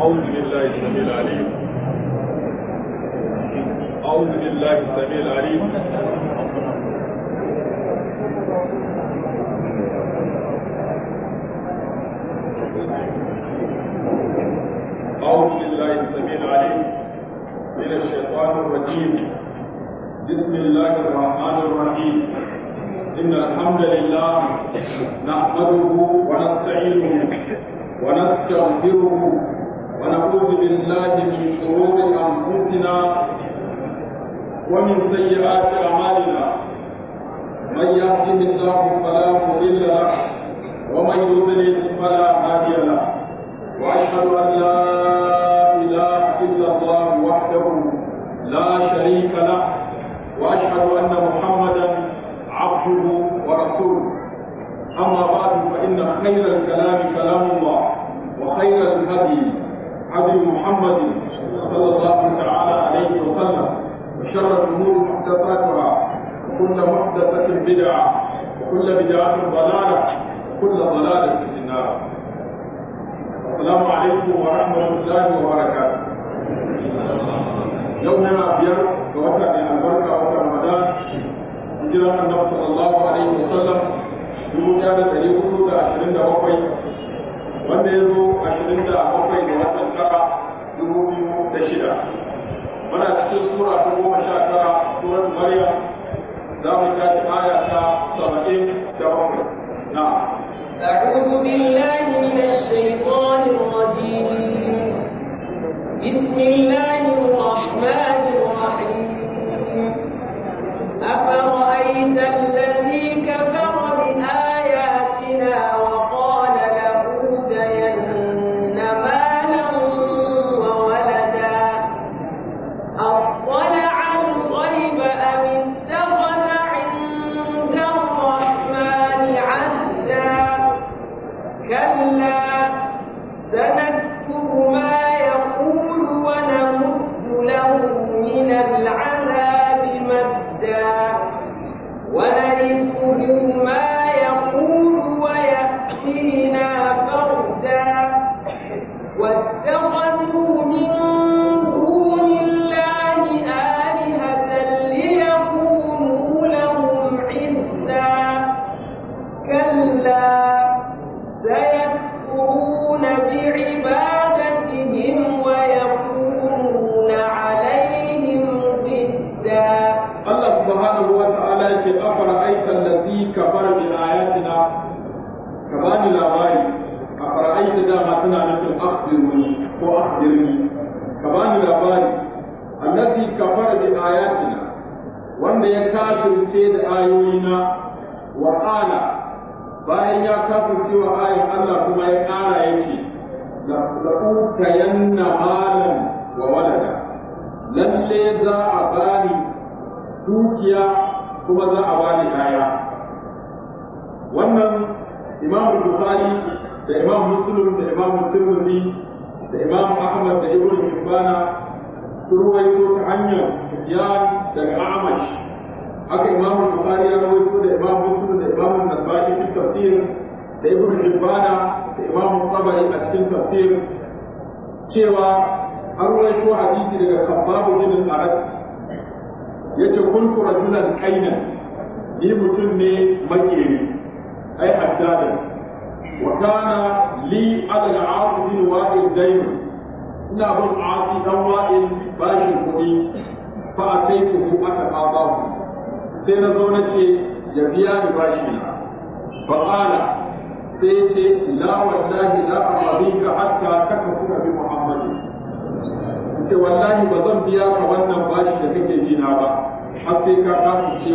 أعوذ بالله السميع العليم أعوذ بالله السميع العليم أعوذ بالله السميع العليم من الشيطان الرجيم بسم الله الرحمن الرحيم إن الحمد لله نحمده ونستعينه ونستغفره ونعوذ بالله من شرور أنفسنا ومن سيئات أعمالنا من يهده الله فلا مضل له ومن يضلل فلا هادي له وأشهد أن لا إله إلا الله وحده لا شريك له وأشهد أن محمدا عبده ورسوله أما بعد فإن خير الكلام كلام الله وخير الهدي هدي محمد صلى الله تعالى عليه وسلم وشر الأمور محدثاتها وكل محدثة بدعة وكل بدعة ضلالة وكل ضلالة في النار السلام عليكم ورحمة الله وبركاته يومنا أبيض ووتر البركة وتر hijiran annabi sallallahu alaihi wasallam dubu ɗaya da ɗari hudu da ashirin wanda ya zo ashirin da bakwai ga watan tara dubu biyu da shida muna cikin sura ta goma sha tara surar maryam za mu tashi aya ta saba'in da bakwai na أعوذ بالله من الشيطان الرجيم بسم الله الرحمن الرحيم أفرأيت الذي كفر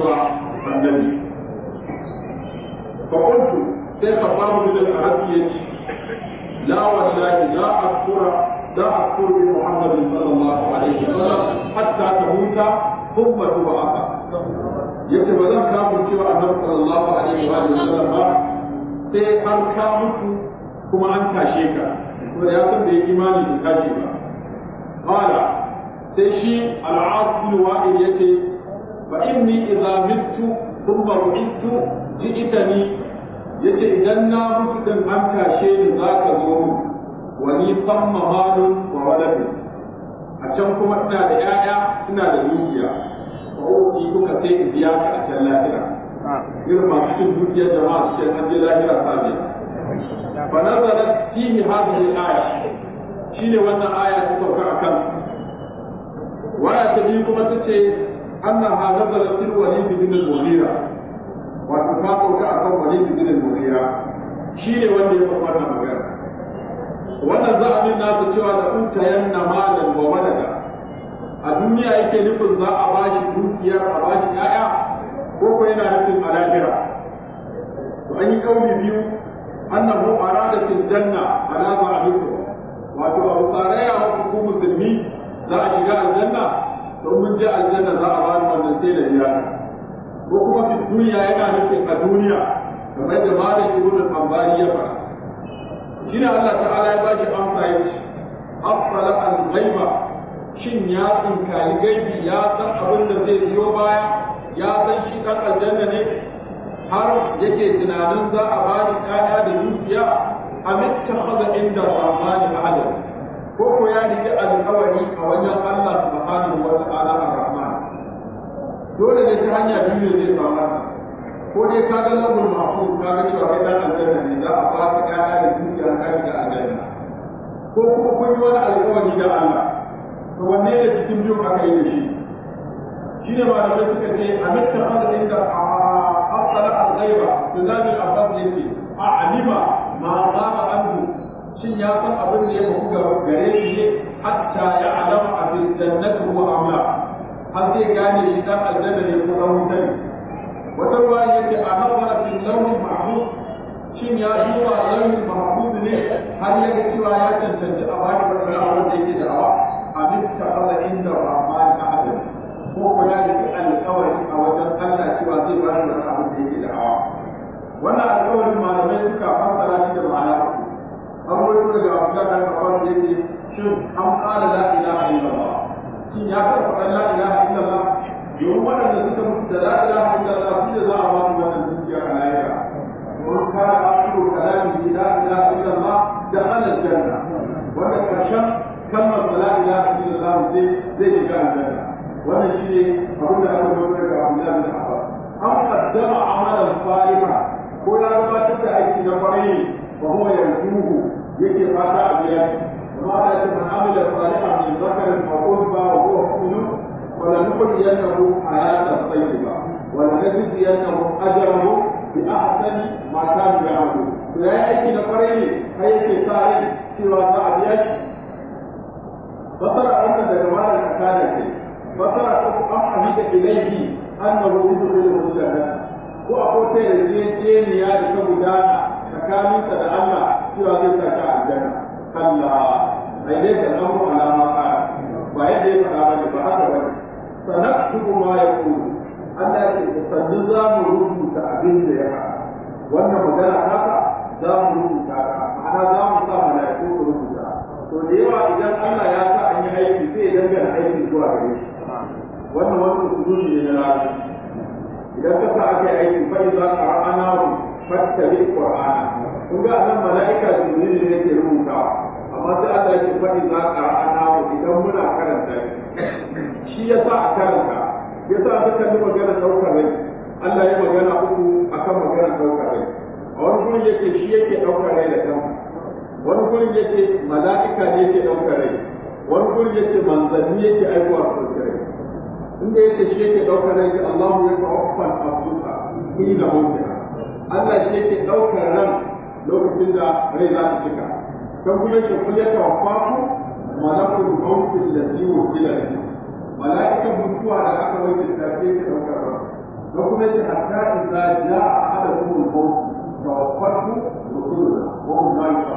zuwa annabi fa qultu sai khabaru bil arabi yace la wallahi la akura لا أذكر بمحمد صلى الله عليه وسلم حتى تموت ثم تبعث yace ba zan kamun cewa annabi sallallahu alaihi wa sallam ba sai an ka mutu kuma an tashe ka kuma ya san da ya imani da tashi ba qala sai shi al'adu aas yace fa inni idza mittu thumma u'idtu ji'tani yace idan na mutu din an tashe za ka zo mu wa ni famma malun wa waladu a can kuma ina da 'ya'ya ina da dukiya fa uki kuka sai in biya a can lahira irin masu cin dukiyar jama'a je wannan aya ta akan waya ta biyu kuma tace أنها نزلت في الوليد بن المغيرة وتفاقوا كأكو وليد بن المغيرة شيء ولي يفرنا مغيرة ونزع من الناس سوى لأنتين مالا وولدا الدنيا yake nufin za a bashi dukiyar a bashi ƴaƴa ko yana nufin a lahira to an yi kauli biyu annahu arada fil janna ala ma'rifu musulmi za a shiga aljanna don mun je aljanna za a bani wannan sai da biya ko kuma fi duniya yana nufin a duniya kamar da malam ibnu al-hanbali ya faɗa shine Allah ta'ala ya bashi amsa ya ce afala al-ghaiba shin ya tsinkari gaibi ya san abin da zai biyo baya ya san shi dan aljanna ne har yake tunanin za a bani kaya da dukiya a mittakhadha inda rahmani ahadin ko ko ya riƙe alƙawari a wajen Allah subhanahu wa ta'ala ar-rahman dole ne ta hanya biyu ne zai fara ko dai ka ga labul mafu ka ga cewa kai dan aljanna ne za a fara ka da dukiya ka ga aljanna ko kuma kun yi wani alƙawari da Allah to wanne ne cikin biyu aka yi da shi ne shine malamai suka ce a mittar Allah inda a asala al-ghaiba to zabi al-afdal yake a alima ma ba an shin ya san abin da ya buga gare shi ne hatta ya alama abin na wa amla har zai gane shi dan aljanna ne ko dan wuta ne wata ruwa yake a nazara fi launin mahmud shin ya duba launin mahmud ne har ya ga cewa ya cancanci a ba bani wannan abin da yake da awa a ta kala inda rahman adam ko ko ya yi alƙawari a wajen Allah cewa zai bani wannan abin da yake da awa wannan alƙawarin malamai suka fassara shi da ma'ana an wani daga abdullahi da kafar da yake shin an ƙara la ilaha illallah shin ya kan faɗa la ilaha illallah Yau waɗanda suka mutu da la ilaha illallah su ne za a ba su wannan dukiya a lahira domin kana asiru kalami la ilaha illallah da alal janna wanda karshen da la ilaha illallah zai zai shiga aljanna wannan shi ne abin da aka zo daga abdullahi da kafar an qaddama amalan salihah ko ya gabatar da aiki na kwarai fa huwa yanzuhu yake fata a biya amma da ta ma'amala saliha min zakarin wa unfa wa huwa mu'min wa la nuhyiyannahu hayatan tayyiba wa la najziyannahu ajrahu bi ahsani ma kanu ya'malu to yayi aiki na kwarai ne kai yake sa rai cewa za a biya shi fasara wannan daga malam kakana ce fasara ta an hamida ilaihi annahu yudkhiluhu jannah ko akwai ta yarjejeniya da ta gudana tsakanin da Allah cewa zai sa ka aljanna Allah sai dai da namu alama ka ba yadda ya faɗa ba ba haka ba sanaktubu ma yaqulu Allah ya ce sannu za mu rubuta abin da ya faɗa wannan magana haka za mu rubuta ka ma'ana za mu sa malaiku su rubuta to da yawa idan Allah ya sa an yi aiki sai dangana aiki zuwa gare shi wannan wani usuli ne na rabi idan ka sa aka yi aiki fa raana qara'ana fattabi qur'ana kun ga nan mala'ika jibril ne yake rubuta amma sai Allah yake faɗi za ka ana idan muna karanta shi yasa a karanta yasa ka yi magana ɗaukar rai Allah ya magana uku akan magana ɗaukar rai a wani gurin yake shi yake ɗaukar rai da kansa wani gurin yake mala'ika ne yake ɗaukar rai wani gurin yake manzanni yake aikowa su daukar rai inda yake shi yake ɗaukar rai ga Allahu ya ta'affa al-abdusa ina mutane Allah shi yake ɗaukar ran lokacin da rai za ta cika kan kuma yake kun ya tawaffaku malakul mautin da ziwo ila ne mala'ikan mutuwa da aka wajen ta ce ke ɗaukar ran da kuma yake hatta idza ja'a ahadakumul maut tawaffaku rusuluna wa hum la ko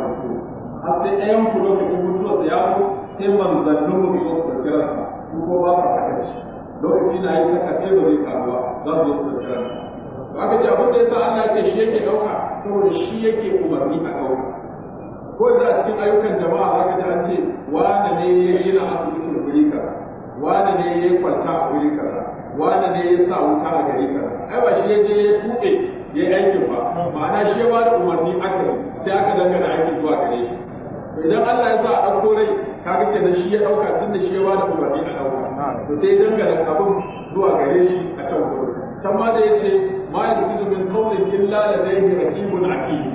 har sai ɗayan ku lokacin mutuwa da ya zo sai manzannin mu su ɗauki ransa ko ba ka haka lokacin da ya yi saka sai ba zai za su ɗauki ransa aka ce abin da sa Allah ce shi yake dauka saboda shi yake umarni a dauka ko da a cikin ayyukan jama'a zaka ji an ce wane ne ya yi na asibitin wuri kaza wane ne ya yi kwanta a wuri kaza wane ne ya sa wuta a gari kaza ai ba shi je ya tuɓe ya yi aikin ba ma'ana shi ya ba da umarni aka yi sai aka dangana aikin zuwa gare shi idan Allah ya sa a ɗauko rai kaga da shi ya ɗauka tun da shi ya ba da umarni a ɗauka to sai dangana abin zuwa gare shi a can wuri can ma da ya ce ma yalfizu min qawlin illa ladayhi raqibun aqib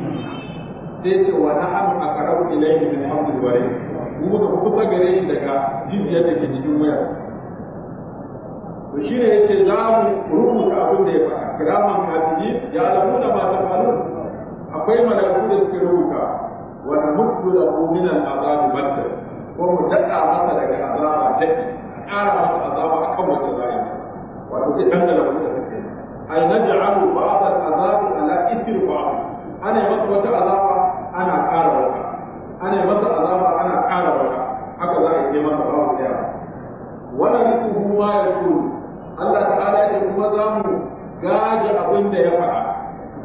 sai ce wa nahnu aqrabu ilayhi min hablil warid mu muka kusa gare shi daga jijiyar da ke cikin wayar to shine yace za mu rubuta abin da ya faɗa kiraman kafiri ya alamuna ma tafalun akwai malaku da suke rubuta wa namuddu lahu min al-azabi badda ko mu dada masa daga azaba a ƙara masa azaba akan wata zai wato sai ɗan da lafiya ay naj'alu ba'd al-azab ala ithri ba'd ana yi masa wata azaba ana ƙara wata ana yi masa azaba ana ƙara wata haka za a yi ba wa daya wala rizquhu ma yaqul Allah ta'ala ya kuma za mu gaje abin da ya faɗa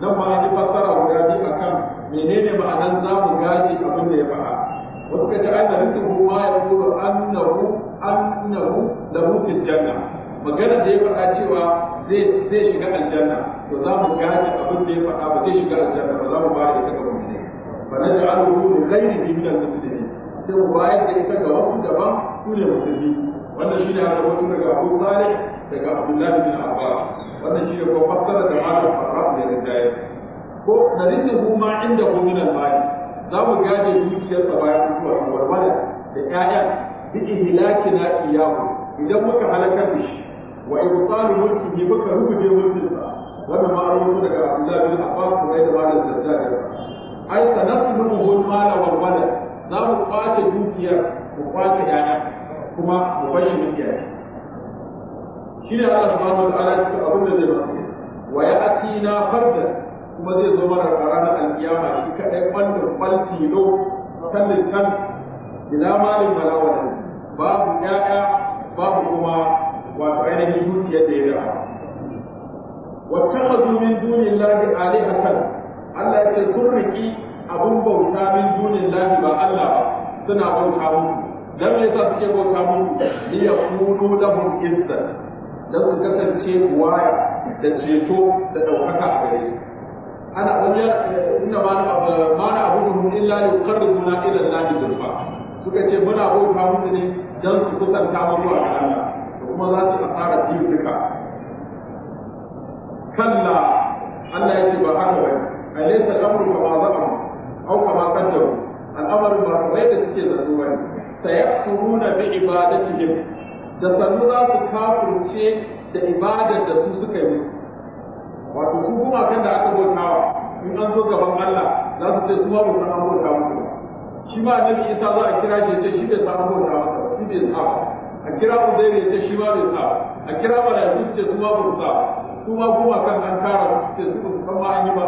nan ma ji fassara guda biyu akan menene ma'anan za mu gaje abin da ya faɗa wasu ka ce ana rizquhu ma yaqulu annahu annahu lahu fil janna magana da ya faɗa cewa zai shiga aljanna to za mu gane abin da ya faɗa ba zai shiga aljanna ba za mu ba da ita ga mummune fa na ja'alu li ghayrihi min al-muslimin sai mu bayar da ita ga wasu daban su ne musulmi wannan shine a rawaito daga Abu Salih daga Abdullah bin Abbas wannan shine ko fassara da malam Farah da ya Ridai ko da narizuhu ma inda hu min al-mali za mu gane dukiyarsa bayan mutuwa warwala da ƴaƴan bi ihlakina iyahu idan muka halakar da shi wa ibtalu mulkihi muka rubuce mulkin sa wannan ma rubutu daga Abdullah bin Abbas kuma da malam Sajjad ai sanatluhu hul mala wal walad za mu kwace dukiya mu kwace yaya kuma mu bar shi dukiya shi ne Allah subhanahu wa ta'ala cikin abin da zai masu wa ya atina farda kuma zai zo mana a ranar alkiyama shi kadai wanda faltilo sallin kan ila malin malawar babu ƴaƴa babu kuma wato ainihin dukiyar da ya rawa wattakhadhu min dunin Ali Hassan, Allah ya ce sun riki abun bauta min dunin lafi ba Allah ba suna bauta muku dan me yasa suke bauta ya li da lahum izzat dan su kasance waya da ceto da ɗaukaka a gare su ana wani ina ma na abudu illa suna ila lafi zurfa. suka ce muna bauta muku ne dan su kusanta muku a Allah kuma za su asara biyu duka kalla Allah ya ce ba haka bane alaysa al-amru kama za'amu au kama da ku, al'amarin ba kamar da suke yi bane sayakfuruna bi ibadatihim da sannu za su kafurce da ibadar da su suka yi wato su kuma kan da aka bautawa in an zo gaban Allah za su ce su ba mu san an bauta musu shi ma annabi Isa za a kira shi ya ce shi bai samu an bauta masa shi bai samu. a kira mu zai ne ta shi ma bai sa a kira ma da su ce su ma ba su sa su kuma kan an kara su ce su ba su san ma an yi ba.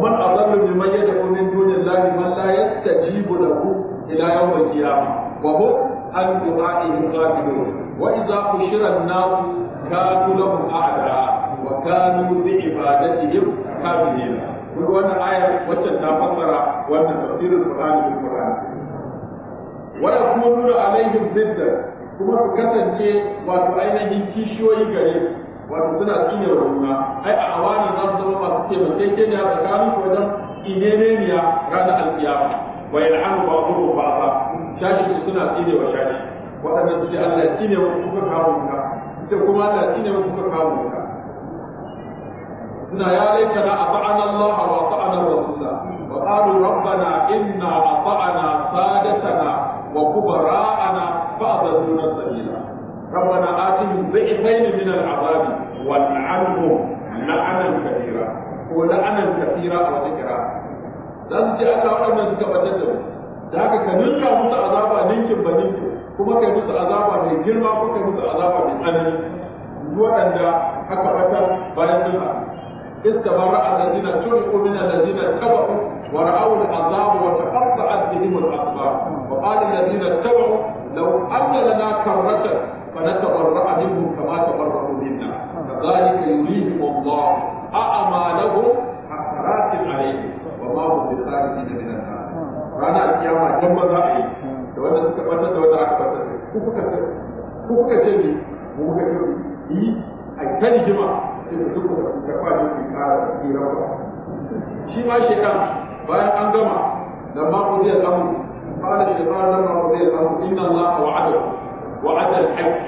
Wannan azabu ne man yadda kunin dunin lahi man la yadda jibu da ku ila yau ba kiya wa ko an duka ihin zafiro wa iza ku shirar nasu kanu da ku ma'ada wa kanu bi ibadatihim kafin yana. Kuma wannan ayar wacce ta fassara wannan tafsirin Qur'an ne wala nuna alaihim zidda kuma su kasance wato ainihin kishiyoyi gare wato suna tsinyar juna ai a awani za su zama masu a tsakanin su wajen inemeniya ranar alkiyama wa yal'anu ba ba'dha shashi suna wa shashi waɗanda su ce Allah ya tsine wa kuka kawo ka ita kuma Allah ya tsine wa kuka kawo ka suna ya laika na ata'ana Allah wa ata'ana Rasulullah wa qalu rabbana inna ata'ana sadatana وكبراءنا دون سبيلا ربنا آتهم ضعفين من العذاب والعنهم لعنا كثيرا ولعنا كثيرا وذكرا لم تأتى أن تتبدد ذاك كان يلقى مثل عذابا نينك بنينك كما كان مثل عذابا نينجر ما كنت مثل عذابا نينجر هو أن حكى بطر بيانها استبرع الذين سرقوا من الذين كبروا ورأوا العذاب وتقطعت بهم الأخبار وقال الذين اتبعوا لو أن لنا كرة فنتبرأ منهم كما تبرأوا منا كذلك يريهم الله أعمالهم حسرات عليهم وما هم بخارجين من النار رانا القيامة كم مزاعي تولى تكبرت تولى أكبرت kuka ce ne mu kuka ce yi a ta rigima sai da duka da kwaje ku kara tsira ba shi ma shekara bayan an gama da ma ku zai samu قال الشيطان لما رضي الله إن الله وعدكم وعد الحق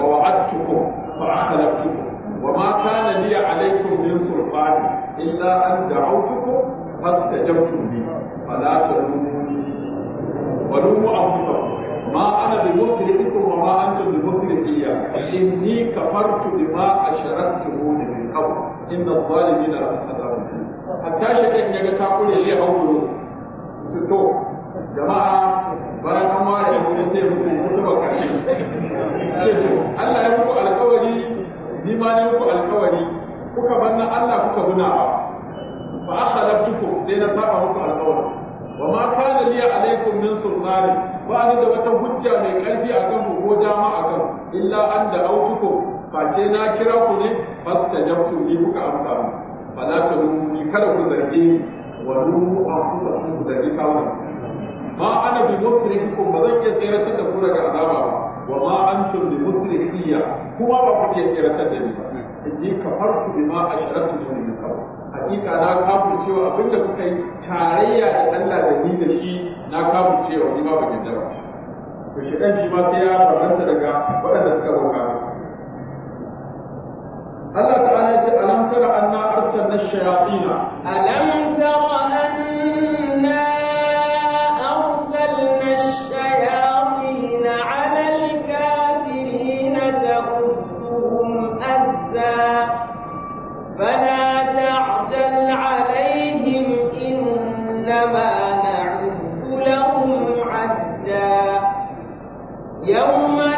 ووعدتكم فأخلفتكم وما كان لي عليكم من سلطان إلا أن دعوتكم فاستجبتم لي فلا تلوموني ولوموا أنفسكم ما أنا بمصرخكم وما أنتم بمصرخي إني كفرت بما أشركتموني من قبل إن الظالمين لهم عذاب حتى شكل يجتا لي شيء أولو jama'a bayan an ware da wurin sai muku mutu ba karshe Allah ya muku alkawari ni ma ne muku alkawari kuka banna Allah kuka gunawa fa akhalaftukum sai na saba muku alkawari wa ma kana liya alaikum min sultani ba ni da wata hujja mai ƙarfi akan ku ko dama akan illa an da autukum face na kira ku ne ta jabtu ni kuka amsa mu fala ta ni kada ku zarge wa nuhu a kuka ku zarge kawai ma ana bi musrikikum ba zan iya tseratar da ku daga azaba ba wa ma antum bi kuma ba ku iya tseratar da ni ba inni kafartu bima ashratu bihi min qabl hakika na kafircewa abinda kuka yi tarayya da Allah da ni da shi na kafircewa ni ma ba gidda ba to ya daga waɗanda suka Allah ta'ala ya ce عليهم إنما نعد لهم عدا يوم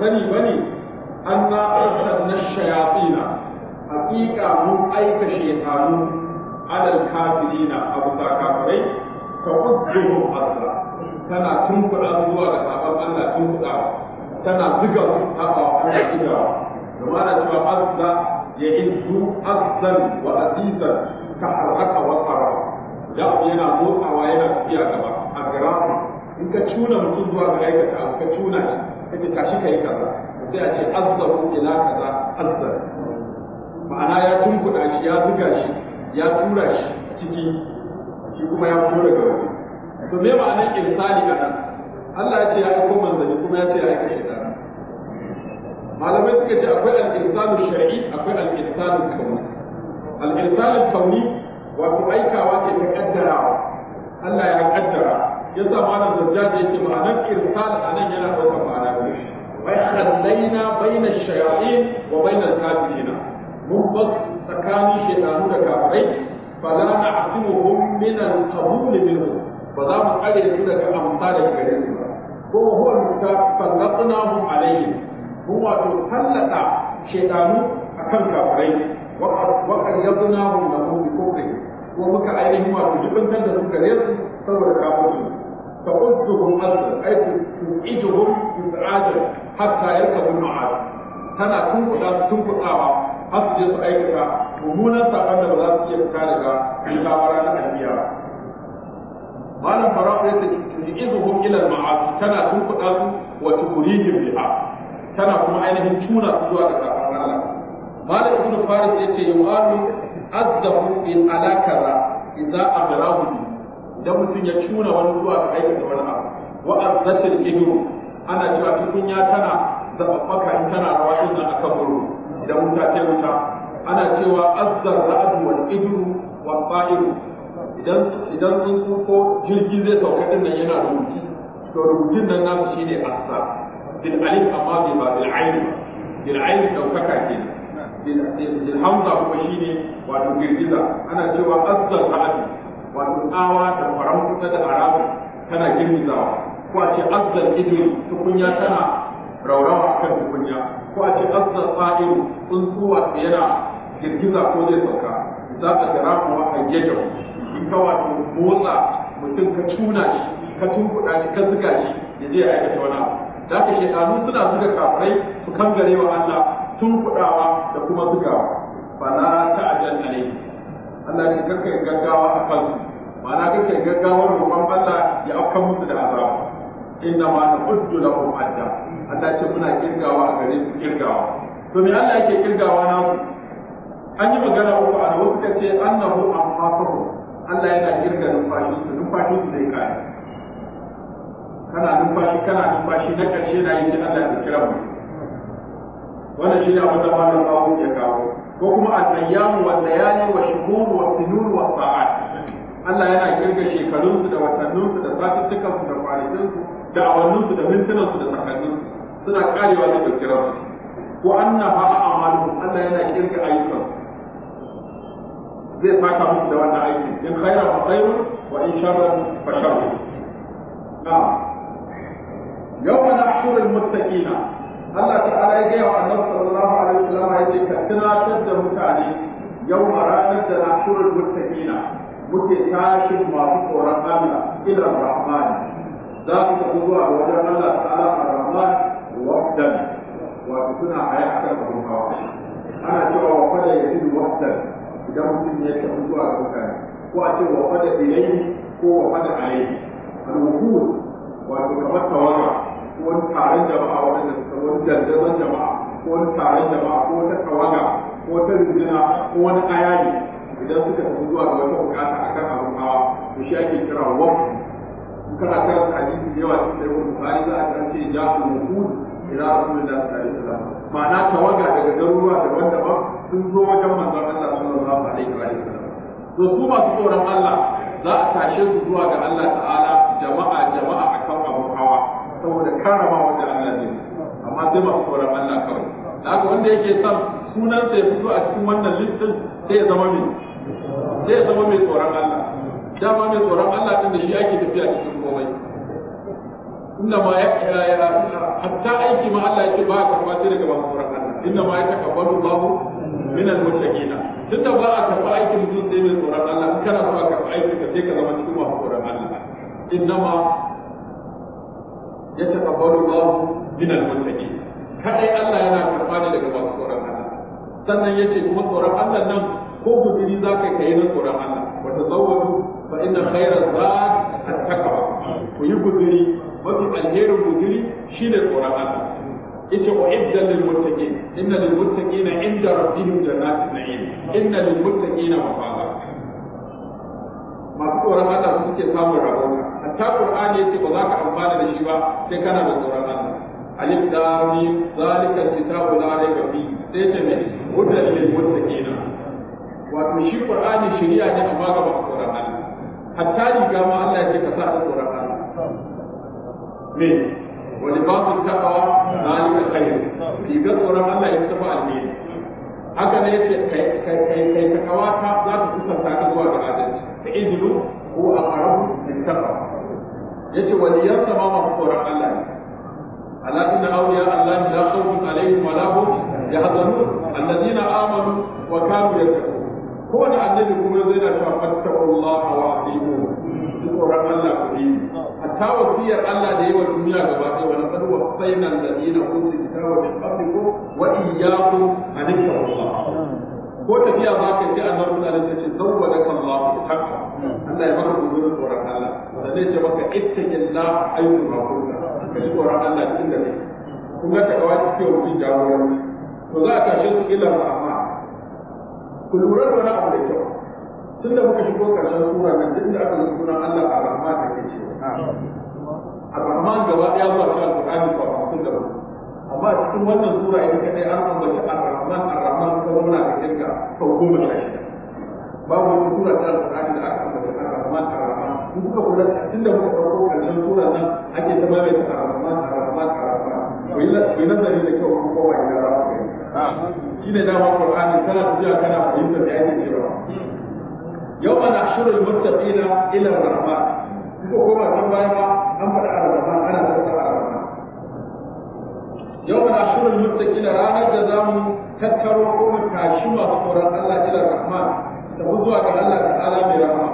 sani ba ne an na arsalna shayatina haƙiƙa mun aika shaytanu alal kafirina abu ta kafirai ka udduhum azra tana tunkuɗa zuwa ga sabon Allah tunkuɗa tana zuga su taɓa wa Allah zugawa domin ana cewa azza ya yi izu azzan wa azizan ka haraka wa tsara da yana motsawa yana tafiya gaba a garafu in ka cuna mutum zuwa ga aikata abu ka cuna shi kake tashi kai kaza sai a ce azzaru ila kaza azzar ma'ana ya tunkuɗa shi ya buga shi ya tura shi ciki shi kuma ya fito daga wani to me ma'anar insani a Allah ya ce ya aiko manzanni kuma ya ce ya aika shaitan malamai suka ce akwai al insanu shar'i akwai al insanu kauni al insanu kauni wato aikawa ke ta kaddarawa Allah ya kaddara ya sa malam zajjaji yake ma'anar irsal a nan yana ɗaukar ma'ana biyu wai hallaina baina shayatin wa baina kafirina mun ba tsakanin shaytanu da kafirai fala na'timuhum min al-qabul minhum ba za mu kare su daga amsa daga gare su ba ko huwa mutta fallatnahum alayhi mun wato fallata shaytanu akan kafirai wa qad yadnahum lahum bi kufri ko muka ainihin wato jibantar da su gare saboda kafirci تعدهم أسرا أي تبعدهم إبعادا حتى يركبوا المعاد تنا تنقل تنقل آوى حتى يسوا أيكتا تقبل الغرب ذات في مشاورة الأنبياء ما لم براء تجئذهم إلى المعاد تنا تنقل وتخرجهم بها تنا كما أينهم تونا تزوى لك ما لم يكن فارس يتي يؤمن أذبه إن على كذا إذا أمره به da mutum ya cuna wani zuwa ga aikata wani abu wa azzatil ibru ana cewa tukunya tana babbaka in tana rawa din nan akan buru idan wuta ta wuta ana cewa azzar ra'd wal ibru wa fa'iru idan idan sun ko jirgi zai sauka din nan yana rubuci to rubutun nan nasu shine assa bil alif amma bi ba bil ayn bil ayn daukaka ke, bil hamza kuma shine wato girgiza ana cewa azzar ra'd wato tsawa da farauta da arabu tana girgizawa ko a ce azzal idil tukunya tana raurawa kan tukunya ko a ce azzal fa'ilu tsuntsuwa yana girgiza ko zai sauka za ka gara kuma a yaje in ka wato motsa mutum ka tuna shi ka tunkuɗa shi ka zuga shi ya zai aikata wani abu Za ka shekaru suna zuga kafirai su kangare wa Allah tunkuɗawa da kuma zugawa fala ta'ajjal alayhi Allah ya karka gaggawa a kansu ma'ana kake da kuma Allah ya afka musu da azaba inna ma na'uddu lahum adda Allah ce muna kirgawa a gare su kirgawa to me Allah yake kirgawa na su an yi magana uku a wasu ce annahu amma Allah yana kirga numfashi su numfashi su zai kare kana numfashi kana numfashi na karshe na yi Allah ya kira mu wannan shi ne abin da malam ya kawo ko kuma al-ayyam wa layali wa shuhur wa sinun wa sa'at Allah yana kirga shekarun su da watannin su da satuttukan su da kwanakin su da awannin su da mintunan su da sakannin su suna karewa da kirkirar su ko annaha a'maluhum Allah yana kirga ayyukan zai saka musu da wannan aikin in khaira fa khairun wa in sharra fa sharrun na'am yawma nahshurul muttaqina Allah ta ala ya gaya wa annabi sallallahu alaihi wasallam ya ce ka tunatar da mutane yau a ranar da nashurul muttaqina muke tashin masu tsoron Allah ila rahman za ku ta zuwa wajen Allah ta'ala ar-rahman wafdan wato suna haya akan abin hawa ana cewa wa fada ya yi wafdan idan mutum ya ta zuwa ga mutane ko a ce wa fada ilayhi ko wa fada alayhi al-wuhud wato kamar tawara ko wani taron jama'a wanda suka wani dandazon jama'a ko wani taron jama'a ko wata tawaga ko wata rinjina ko wani ayari idan suka tafi zuwa ga wata bukata akan abin hawa to shi ake kira wafi in kana karanta hadisi da yawa cikin sai wani bukari za a karance ja al-mukud ila rasulullah sallallahu alaihi wasallam ma'ana tawaga daga garuruwa daban-daban sun zo wajen manzon Allah sallallahu alaihi wasallam to su masu tsoron Allah za a tashe su zuwa ga Allah ta'ala karamawa da Allah ne amma sai ba tsoron Allah kawai da haka wanda yake san sunan sai fito a cikin wannan listin sai zama mai sai zama mai tsoron Allah dama mai tsoron Allah din da shi ake tafiya cikin komai inda ma ya hatta aiki ma Allah yake ba ka ba sai daga ba tsoron Allah inda ma ya takabbalu Allahu min al-muttaqina tunda ba a karba aikin mutum sai mai tsoron Allah in kana so a karba aikin ka sai ka zama cikin masu tsoron Allah ma. ya taqabbalu Allah min al-muttaqin kadai Allah yana karɓa ne daga masu tsoron Allah sannan yace kuma tsoron Allah nan ko guduri za ka kai na tsoron Allah wa tazawwadu fa inna khayra zad at-taqwa ku yi guduri mafi alherin guduri shine tsoron Allah yace wa idda lil muttaqin inna lil muttaqina inda rabbihim jannatin na'im inna lil muttaqina mafaza masu tsoron Allah su suke samun rabon ka hatta qur'ani yace ba za ka amfana da shi ba sai kana da tsoron Allah alif lam mim zalika kitabu la raiba fi sai ce ne hudan lil muttaqin wato shi qur'ani shari'a ne amma ga ba tsoron Allah hatta riga ma Allah yace ka sa tsoron Allah me wa libasu taqwa zalika khair riga tsoron Allah ya tafi alheri haka ne yace kai kai kai ka kawata za ta kusanta ka zuwa ga adalci al'ijilu ko a ƙarabu littafa ya ce waliyar sama masu tsoron Allah ne ala inna awliya Allah la khawfun alaihim wa la hum yahzanun alladhina amanu wa kanu yattaqun kowane annabi kuma zai na cewa fattaqullaha wa atiqu tsoron Allah ku yi hatta wasiyar Allah da yi wa duniya gaba ɗaya ko tafiya ba ka ji annabi sallallahu alaihi wasallam zawwada kallahu haqqa Allah ya maka da tsoron Allah sannan ya maka ittaqillah ayyun rabbuka ka ji tsoron Allah cikin da ne kun ga takawa cikin wani jagoranci to za a tashi su ila amma ku lura da wani abu da kyau tun da muka shigo karshen sura nan duk da aka yi sunan a da ke gaba ɗaya zuwa cikin alƙur'ani ba amma cikin wannan sura ita kadai an ambaci ar-rahman ar-rahman ko a da kirka sau goma sha shida babu wata sura ta alƙur'ani da aka ambaci ar-rahman ar-rahman in kuka kula da muka farko karshen sura nan ake ta maimaita ar-rahman ar-rahman ar-rahman ku yi nazari da kyau kuma kowa ya rawa kai shi ne dama qur'ani kana tafiya kana fahimtar da ake cewa yawma nahshurul muttaqina ila ar-rahman kuka koma can baya ma an faɗa ar-rahman ana tattara yau na shirin mutakila ranar da za mu tattaro kuma kashi masu tsoron Allah ila rahman ta zuwa ga Allah ta ala mai rahama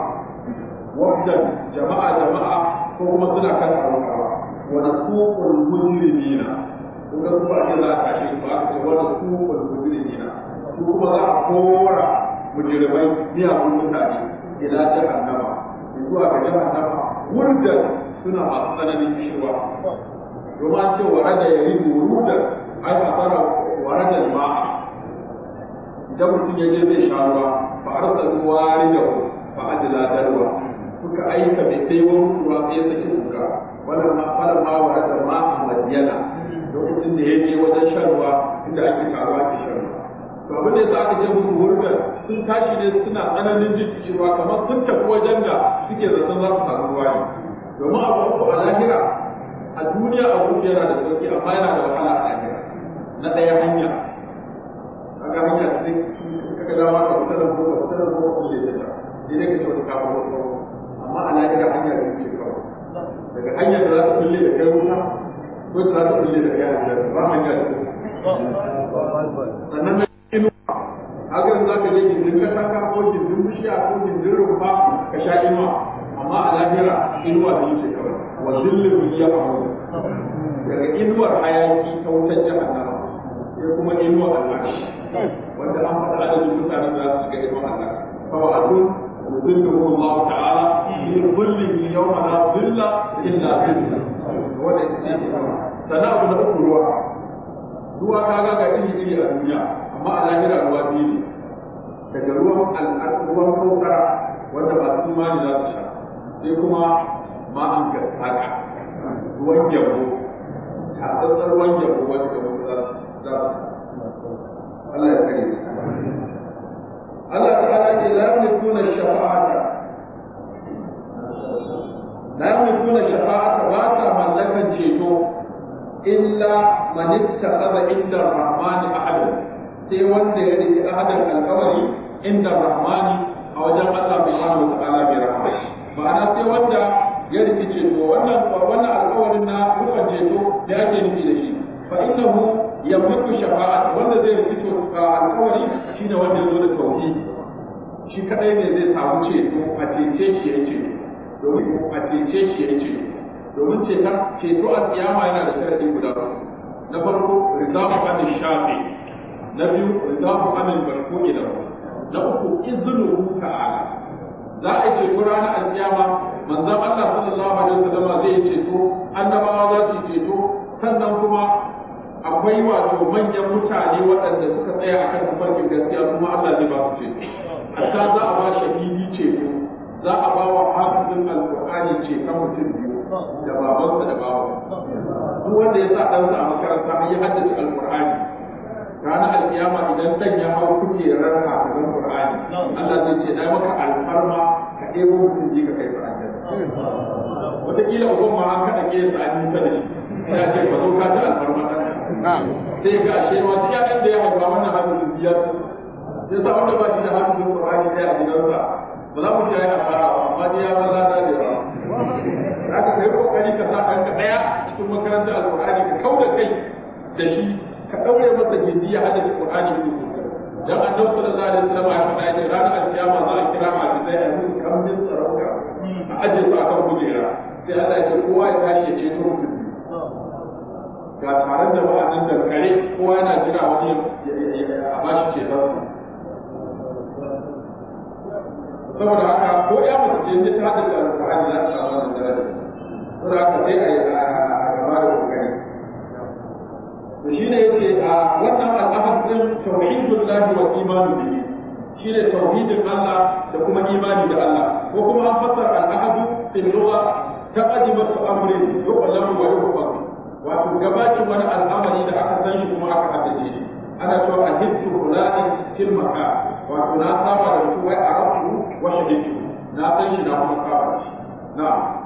wajen jama'a jama'a ko kuma suna kan arukawa wani kofar mujrimina ko ga kuma ake za a kashe ba a ce wani kofar mujrimina ko kuma za a kora mujrimai miyagun mutane ila jahannama zuwa ga jahannama wurdan suna masu tsananin kishirwa domin an ce warada ya ribu rudan ai ba fara waradan ma idan mutum ya je zai sha ruwa fa arsal wari da fa adila darwa suka aika mai taiwon ruwa sai saki kuka wannan ma fara ma warada ma a madiyana lokacin da ya je wajen shan ruwa inda ake taruwa ke shan ruwa to abin da yasa aka ce musu wurdan sun tashi ne suna tsananin jin cewa kamar sun tafi wajen da suke zaton za su samu ruwa ne domin abu a lahira a duniya a wuce yana da sauki amma yana da wahala a lahira na ɗaya hanya a ga hanya sai kaga dama ka fita da kuma fita da kuma kulle da ta idan ka tafi kafin wasu amma a lahira hanya da kuke kawai daga hanyar da za ta kulle da kai wuta ko za ta kulle da kai hanyar ba hanya da sannan na inu haka yanzu za ka je gindin kataka ko gindin bishiya ko gindin rumfa ka sha inuwa amma a lahira inuwa da yake kawai wa zillin jama'a daga inuwar hayaki ta wutar jahannama sai kuma inuwar annashi wanda an faɗa adadin mutanen da za su ga inuwar annashi fa wa azun yuzilluhu Allah ta'ala min dhillihi yawma la dhilla illa dhillah wanda yake sana abu da uku ruwa ruwa kaga ga iri iri a duniya amma a lahira ruwa biyu ne daga ruwan al'ad ruwan kokara wanda ba su ma ne za su sha sai kuma illa man ittaqaba inda ar-rahman ahadan sai wanda ya dace ahadan alkawari inda ar-rahman a wajen Allah subhanahu wa ta'ala bi rahma ma'ana sai wanda ya rike to wannan wannan alkawarin na ruwan ceto da yake nufi da shi fa innahu yamliku shafa'a wanda zai rike alkawari shine wanda ya zo da tauhid shi kadai ne zai samu ceto a cece shi yake ce domin a cece shi yake domin ce ceta ceto a tsiyama yana da sharadi guda na farko ridahu an shafi na biyu fannin an marfu ila na uku iznuhu ala. za a yi ceto a tsiyama manzon Allah sallallahu alaihi wasallam zai yi ceto annabawa za su ceto sannan kuma akwai wato manyan mutane waɗanda suka tsaya akan tafarkin gaskiya kuma Allah zai ba su ceto sha za a ba shahidi ceto za a ba wa hafizin alƙur'ani ce ta mutum biyu da da bawa duk wanda ya sa ɗansa a makaranta har ya haddace alƙur'ani ranar alƙiyama idan dan ya hau kujerar hafizan ƙur'ani Allah zai ce na maka alfarma ka ɗebo mutum ji ka kai fa aljanna wataƙila uban ma an kaɗa ke sa an ta da shi ya ce ba zo ka ci alfarma ɗan sai ga ashe wasu ƴaƴan da ya haifa wannan da biyar sai sa wanda ba shi da hafizin ƙur'ani sai a gidansa ba za mu ci ya fara amma dai ya maza da yawa Ka kai kokari ka sa ɗanka ɗaya cikin makarantar alƙur'ani ka kau da kai da shi ka ɗaure masa gindi ya hada alƙur'ani ko dan annabi sallallahu alaihi wasallam ya faɗa ce ranar alkiyama za a kira ma da zai azu kambin sarauta a aje su kan kujera sai Allah ya ce kowa ya tashi ya ceto mutum ga tare da ba da kare kowa yana jira wani a bashi ceton su saboda haka ko ya mutu ne ta da alƙur'ani za ta samu wannan daraja sura ka sai a gaba da kokari to shine yace a wannan al'amar din tauhidullahi wal imanu bihi shine tauhidin Allah da kuma imani da Allah ko kuma an fassara al'ahadu fil lugha taqdimatu amrin yuqlamu wa yuqam wato gabacin wani al'amari da aka san shi kuma aka haddace shi ana cewa a hittu fulani fil maka wato na saba da mutum wai a rafu wa shahidu na san shi na kuma saba da shi na'am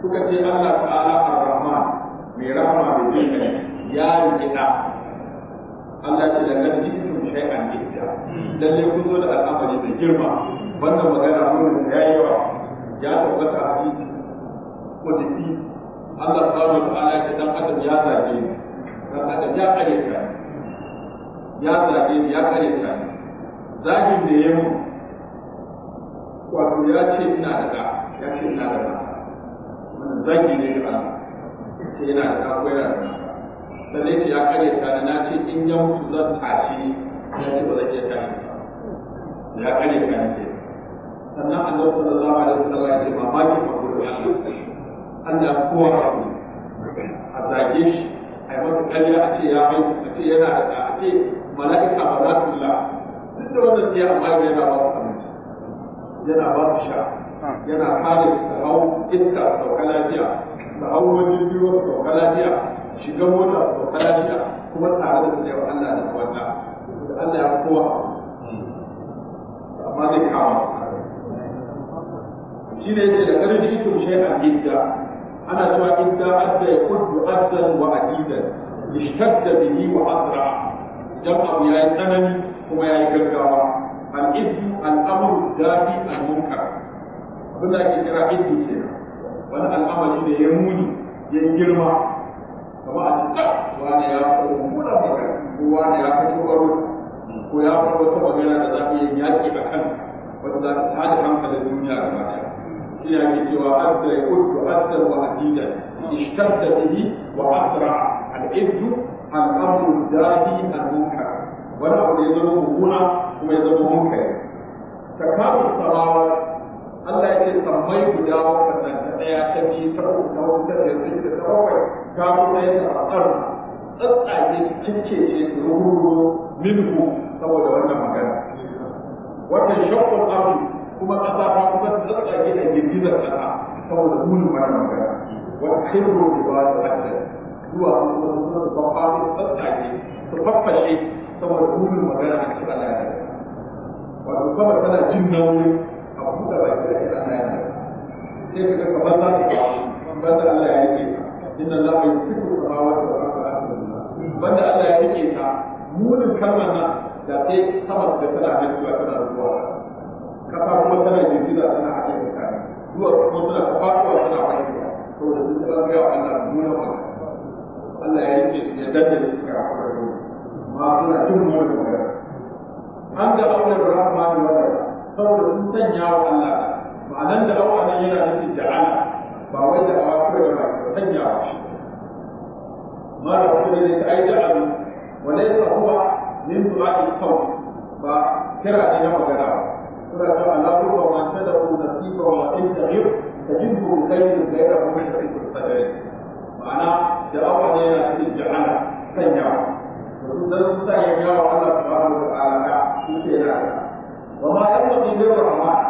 suka ce Allah ta'ala ar-rahman mai rahama da jin kai ya rike Allah ce da nan jikin shay'an idda lalle kun zo da al'amari da girma wannan magana mun da yayi yawa ya tabbata a cikin ko da Allah subhanahu wa ta'ala ya dan adam ya zage ni dan adam ya kare ka ya zage ni ya kare ka zagin da yayi wato ya ce ina da ya ce ina da zaki ne ba ce yana da kakwai da sannan ce ya karya ta na ce in ya mutu zan tashi ya ce ba zai iya ya karya ta ne sannan annabi sallallahu alaihi wasallam ya ce mamaki ba an da kowa abu a zage shi a yi masa ƙarya a ce ya mai a ce yana da a ce mala'ika ba za su la duk da wannan sai amma yana ba su abinci yana ba su sha yana kare sahau, hau iska sauka lafiya sahau wajen biyu sauka lafiya shiga mota sauka lafiya kuma tare da tsayawa Allah da wata Allah ya kowa amma zai kawo shi ne ce da ƙarfi tun shi a gidda ana cewa idda adda ya kudu addan wa adidan da bihi wa azra idan abu ya yi tsanani kuma ya yi gaggawa al ibu al-amru dafi al-munkar abin da ake kira aiki ke wani al'amari da ya muni ya girma kama a cikin wani ya faɗo mummunan magana ko wani ya kuma baro ko ya faɗo wata magana da za a yi yaki a kan wata za ta tada hankalin duniya a ɗaya shi ya ke cewa adda ya kudu adda wa hadida ishtarta bihi wa asra al'ibdu al'amru dadi a munkar wani abu da ya zama kuma ya zama munkari takabu sarawa Allah ya ce sammai guda wannan ta ɗaya ta biyu ta uku ta huɗu ta biyar ta shida ta bakwai ta huɗu ta a ruru minhu saboda wannan magana wannan shakkun abu kuma ƙasa ta kuma tsatsage da girgizar ƙasa saboda munin wannan magana wani khibru da ba ta hadda zuwa kuma sun babba ne tsatsage su faffashe saboda munin magana a cikin alaƙa wato sama tana jin nauyin sai ka ga kamar za ka banda Allah ya rike ka inna Allah ya rike ka ma wa ta ba banda Allah ya rike ka munin kalmar nan da sai sama da tana haihuwa tana zuwa kafa kuma tana girgiza tana haɗe da kai zuwa kuma tana faɗuwa tana haihuwa to da sun taɓa gaya wa Allah munin magana Allah ya rike ya daddare su ga haƙararru ma suna jin munin magana an ga aure da rahama da wadda saboda sun sanya wa Allah a nan da au a nan yana nufin da'ala ba wai da awa kawai ba sanya ba shi ma da wani ne ta aida abu wala yasa huwa min du'a'i qawl ba kira ne na magana ba sura ta Allah ruwa wa tadahu da wa tajir tajibbu kayyin ghayra mushrik sadari ma'ana da awa ne yana da da'ala sanya ba dan mutane ya wa Allah subhanahu wa ta'ala su ce na wa ma yanbaghi lir rahman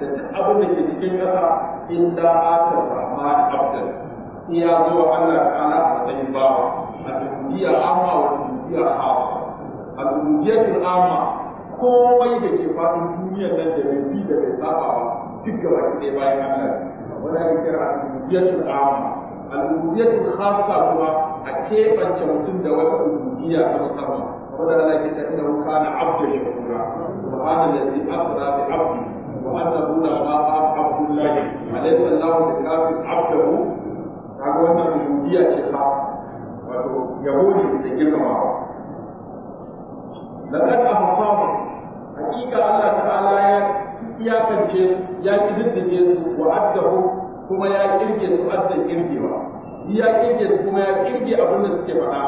da duk abin da ke cikin ƙasa inda aka rama abdan sai ya zo Allah ta'ala a matsayin bawa a dubiya amma wa dubiya hawa a dubiyatul amma komai da ke faɗin duniyar nan da mai bi da bai saba ba duk gaba ki ɗaya bayan Allah wanda ake kira a dubiyatul amma a dubiyatul khassa kuma a keɓance mutum da wata dubiya ta musamman wanda Allah ke ta inda kana abdan shakura subhanallazi asra bi abdihi وأنه لما عبد الله أليس الله بكاف عبده kaga wannan rububiyya ce ta wato yabo ne da girmamawa laqad ahsabu hakika Allah ta'ala ya iyakance ya kididdige su wa addahu kuma ya kirge su addan kirgewa ya kirge su kuma ya kirge abin da suke faɗa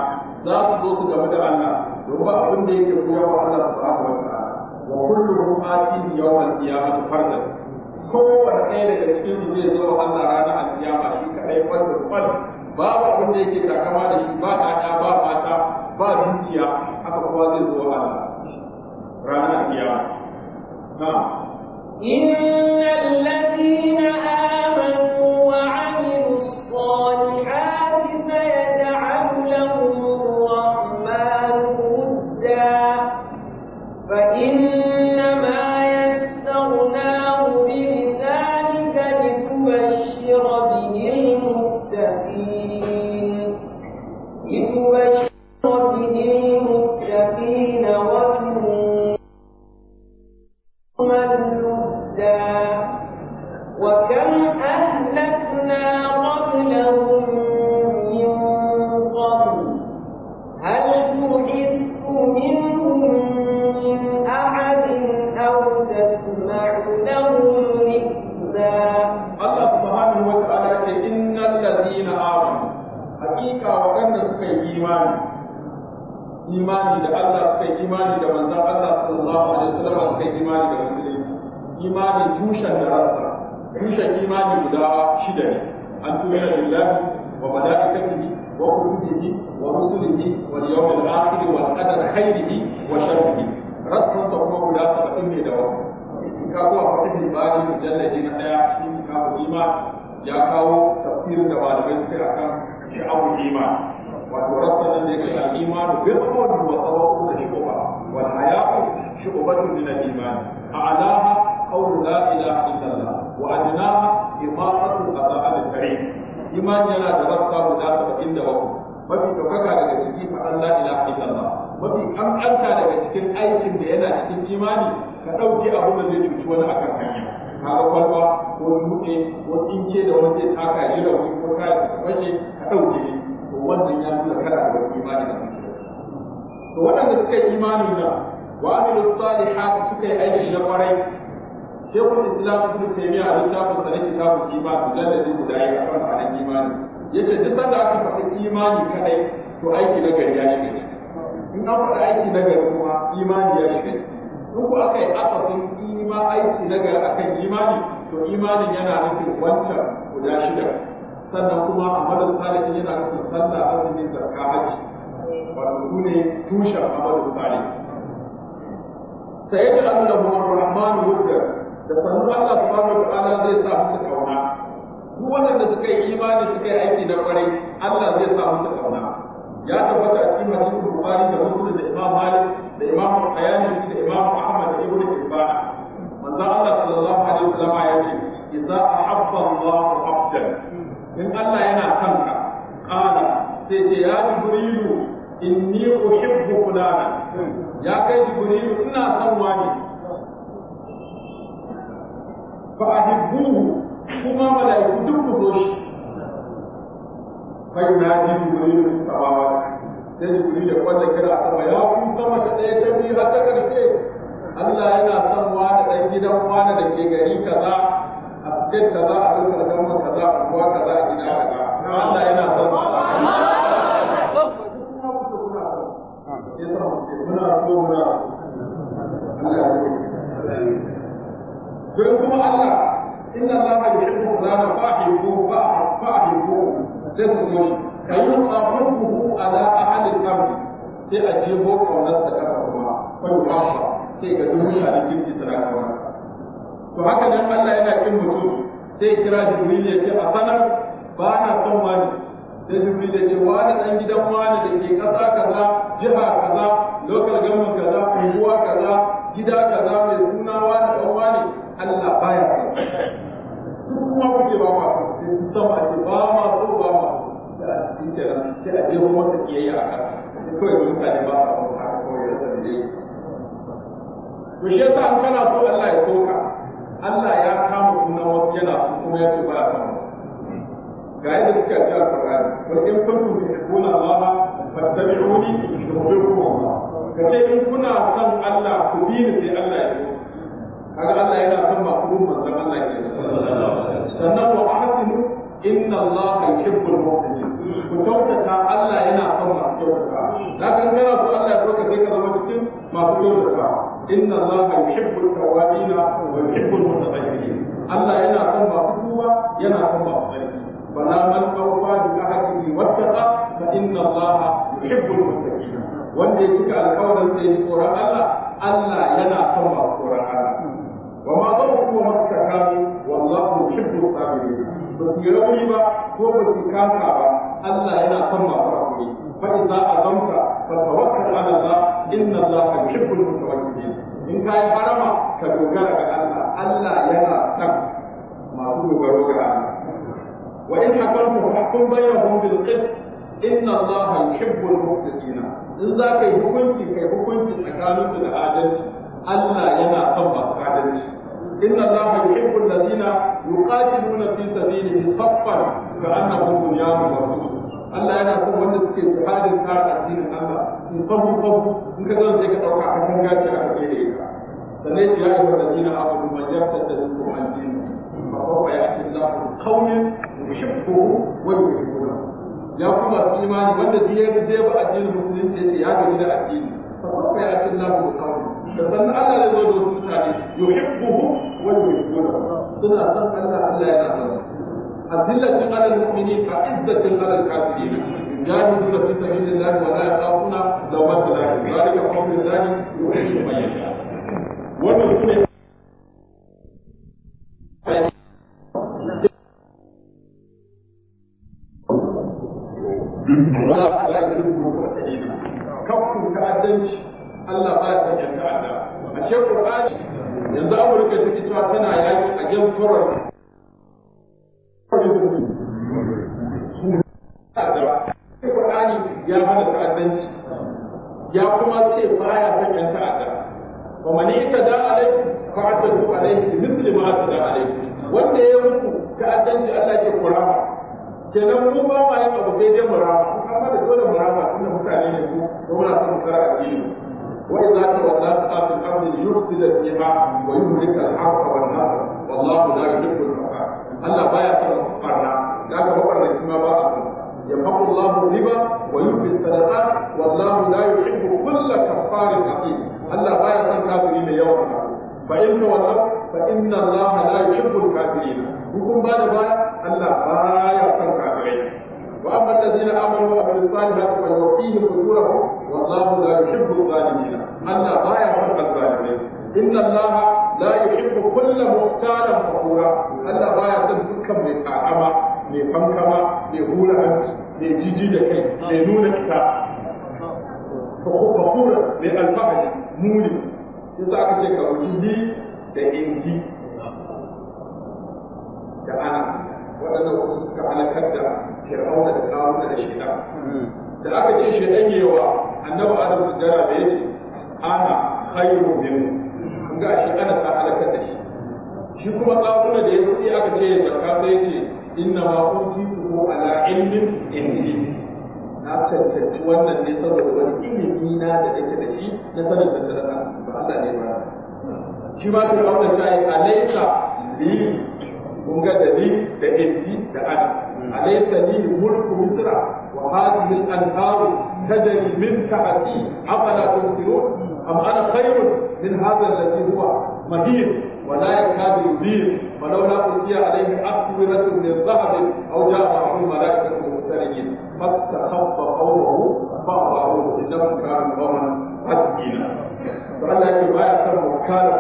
za su zo su gamu da Allah domin abin da yake wa kulluhum ɗaya daga cikin zai zo Allah ranar alkiyama shi kadai wanda kwal babu abin da yake takama da shi ba ɗaya ba mata ba tushen da tushen imani guda shida ne an tushe billahi wa malaikatihi wa kutubihi wa rusulihi wa yawmil akhir wa qadar khairihi wa sharrihi rasul ta kuma guda 70 ne da wannan ka kuwa fatih ibadi mujalladi na daya cikin kitabu iman ya kawo tafsirin da malamai suka akan shi'abul iman wato rasul ne ke al-iman bil qawli wa tawakkur da shubha wal haya'u shubhatun min al-iman a'la imani yana da rafta guda saba'in da bakwai mafi ɗaukaka daga ciki fa Allah ilaha illallah mafi ƙanƙanta daga cikin aikin da yana cikin imani ka ɗauki abin da zai cuci wani akan kanya ka ga kwalba ko dutse ko tsinke da wani zai taka yi rauni ko kaya ka fashe ka ɗauke shi to wannan ya nuna kana da imani da kake to waɗanda suka yi imani na wa amilu salihati suka yi aiki na kwarai shekul islam ibn taymiya a littafin sa na kitabul iman mujalladi guda ya kafa ma'anar imani yace duk sanda aka faɗi imani kadai to aiki na gari ya shiga ciki in an faɗi aiki na gari kuma imani ya shiga ciki in ku aka yi akasin ima aiki na gari akan imani to imanin yana nufin wancan guda shida sannan kuma a madar salihin yana nufin sallah azumi zakka haji wato su ne tushen amadu salihin sai ya ji annabi rahmanu wudda da sannu Allah subhanahu wataala zai sa musu kauna duk wanda suka yi imani suka yi aiki da kwarai Allah zai sa musu kauna ya tabbata a cikin hadisin Bukhari da Muslim da Imam Malik da Imam al da Imam Ahmad da Ibn Hibban manzo Allah sallallahu alaihi wasallam ya ce idza ahabba Allahu abdan in Allah yana son ka kana sai ce ya jibrilu inni uhibbu fulana ya kai jibrilu ina son wani fa kuma mala'iku duk ku so shi fa yunadi jibril min samawat sai jibril da kwalla kira a sama ya ku sama ta ɗaya ta biyu har ta ƙarshe Allah yana son wa da ɗan gidan wani da ke gari kaza a cikin kaza a cikin kaza kaza a kuwa kaza a gida kaza Allah yana son wa muna so muna Allah don kuma Allah inna Allah ya yi kuma ba fahimu fahimu sai su zo ka yi tsafunku ala ahalin arzi sai a jebo kaunar da kafa kuma kai kwasha sai ga duk mutane kirki suna kawar to haka nan Allah yana kin mutum sai kira Jibril ya ce a sanar ba na son wani sai Jibril ya ce wani dan gidan wani da ke kasa kaza jiha kaza lokal gamin kaza unguwa kaza gida kaza mai suna wani dan wani Allah baya kai duk kuma kuke ba ma sai sama ce ba ma so ba ma da a cikin kenan sai a jero masa kiyayya a kan kawai ba a kuma haka kawai ya san dai to shi yasa an kana so Allah ya soka Allah ya kama sunan wasu yana kuma ya ce ba ya kama ga yadda suka ce a Qur'ani wa in kuntum ba Allah fattabi'uni yuhibbukum Allah kace in kuna son Allah ku bi ni sai Allah ya soka kaga Allah yana son makulun manzon Allah ke sannan wa ahsinu inna Allah yuhibbul muhsinin ku kyautata Allah yana son masu kyautata zaka kana so Allah ya soka sai ka zama cikin masu kyautata inna Allah yuhibbul tawabin wa yuhibbul mutatahhirin Allah yana son masu yana son masu tsarki wala man awfa bi ahdihi wattaqa fa inna Allah yuhibbul muttaqin wanda ya cika alƙawarin sai tsoron Allah Allah yana son masu tsoron Allah wa ma zama kuma masu tsakani wallahu kibbu qabili ba su yi rauni ba ko ba su ba Allah yana son masu rauni fa idza azamta fa tawakkal ala Allah inna Allah yuhibbu al-mutawakkilin in kai barama ka dogara ga Allah Allah yana son masu dogaro ga Allah wa in hakaltu hakkun bayyahum bil qist inna Allah yuhibbu al-muqtasina in za ka yi hukunci kai hukunci tsakaninku da adalci ألا ينا طبع عدد إن الله يحب الذين يقاتلون في سبيله صفا كأنهم بنيان مرسوس ألا ينا طبع نسكي سحاد الكار الدين الله إن صفوا صفوا إن كذلك ذلك أوقع حكم كاتل على كيه سليت يا أيها الذين آمنوا من جاءت تدلكم عن دينه فهو يأتي الله قوم يشبهه ويحبونه ya kuma su imani wanda duk ya gaje ba addinin musulunci yace ya gaji da addini fa sawfa ya'ti Allahu bi qawmin da sannan Allah zai zo da wasu mutane yuhibbuhu wa yuhibbunahu suna san Allah Allah yana son أذلة على المؤمنين عزة على الكافرين يجاهدون في سبيل الله ولا يخافون لومة لائم ذلك قول الله يحيي من يشاء kowa ya hana ta'addanci ya kuma ce ba ya son yan ta'adda wa man yatada alaikum fa'tadu alaihi bi mithli ma wanda ya ke ba ma murama da dole murama wallahu la yuhibbu al-fuqara Allah ya fara barna da ka barna shi ma ba a son yamhaku Allahu riba wa yubbi sadaqat wallahu la yuhibbu kulla kaffarin athim Allah baya son kafiri mai yawan fa inna wa fa inna Allah la yuhibbu al na hukum ba da baya Allah baya son kafirai واما الذين امنوا وعملوا الصالحات فيوفيهم اجورهم والله لا يحب الظالمين الا غايه حب الظالمين ان الله la yuhibbu kullu muqtalan fakura Allah baya son dukkan mai kakama mai fankama mai hura hanci mai jiji da kai mai nuna kita fakura mai alfahari muni za ka ce ka wuji da inji da ana waɗannan wasu suka halakar da fir'auna da kawuna da shida da aka ce shi yawa annabi adam sujjara da yake ana khairu minhu ga shi ana sa halakar da shi shi kuma tsakuna da ya fi aka ce zakka sai ce inna ma kunti ko ala ilmin indi na cancanci wannan ne saboda wani ilimi na da nake da shi na sanin da sarara ba Allah ne ba shi ba ta auna ta yi alaika li kun ga da li da indi da ana alaika li mulku misra wa hadhihi al-anharu tajri min tahti afala tusirun أم أنا خير من هذا الذي هو مهين ولا يكاد يبين ولولا ألقي عليه أسورة من ذهب أو جاء معه ملائكة مقترنين فاستخف قومه فأطاعوه إنهم كانوا قوما فاسقين فأنا يبايع كم كان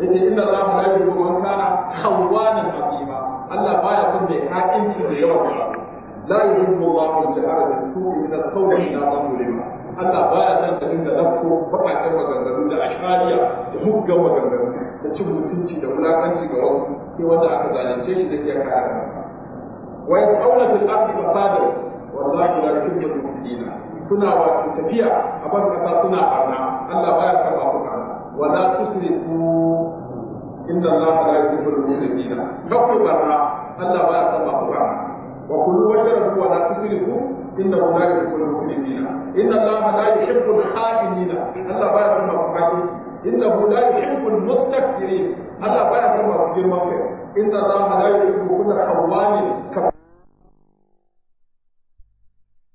إن الله لا يحب من كان خوانا عظيما الله بايع كم بحاكم في يوم لا يحب الله الجهاد بالسوء من القول إلى رجل Allah baya son ka dinga ɗauko baƙaƙen maganganu da ashariya da muggan maganganu da cin mutunci da wulaƙanci ga wasu sai wanda aka zalunce shi zai iya kare wai kaula fil a fasada wallahi la yuhibbu al-mufsidina kuna wato tafiya a ban kasa suna barna Allah baya karɓa ku barna wala tusrifu inna Allah la yuhibbu al-mufsidina kafu barna Allah baya karɓa ku barna wa kullu washrabu wala tusrifu إنه لا يحب المؤمنين إن الله لا يحب الخائنين الله بايا كما بقاتي إنه لا يحب المستكبرين الله بايا كما بقاتي إن الله لا يحب كل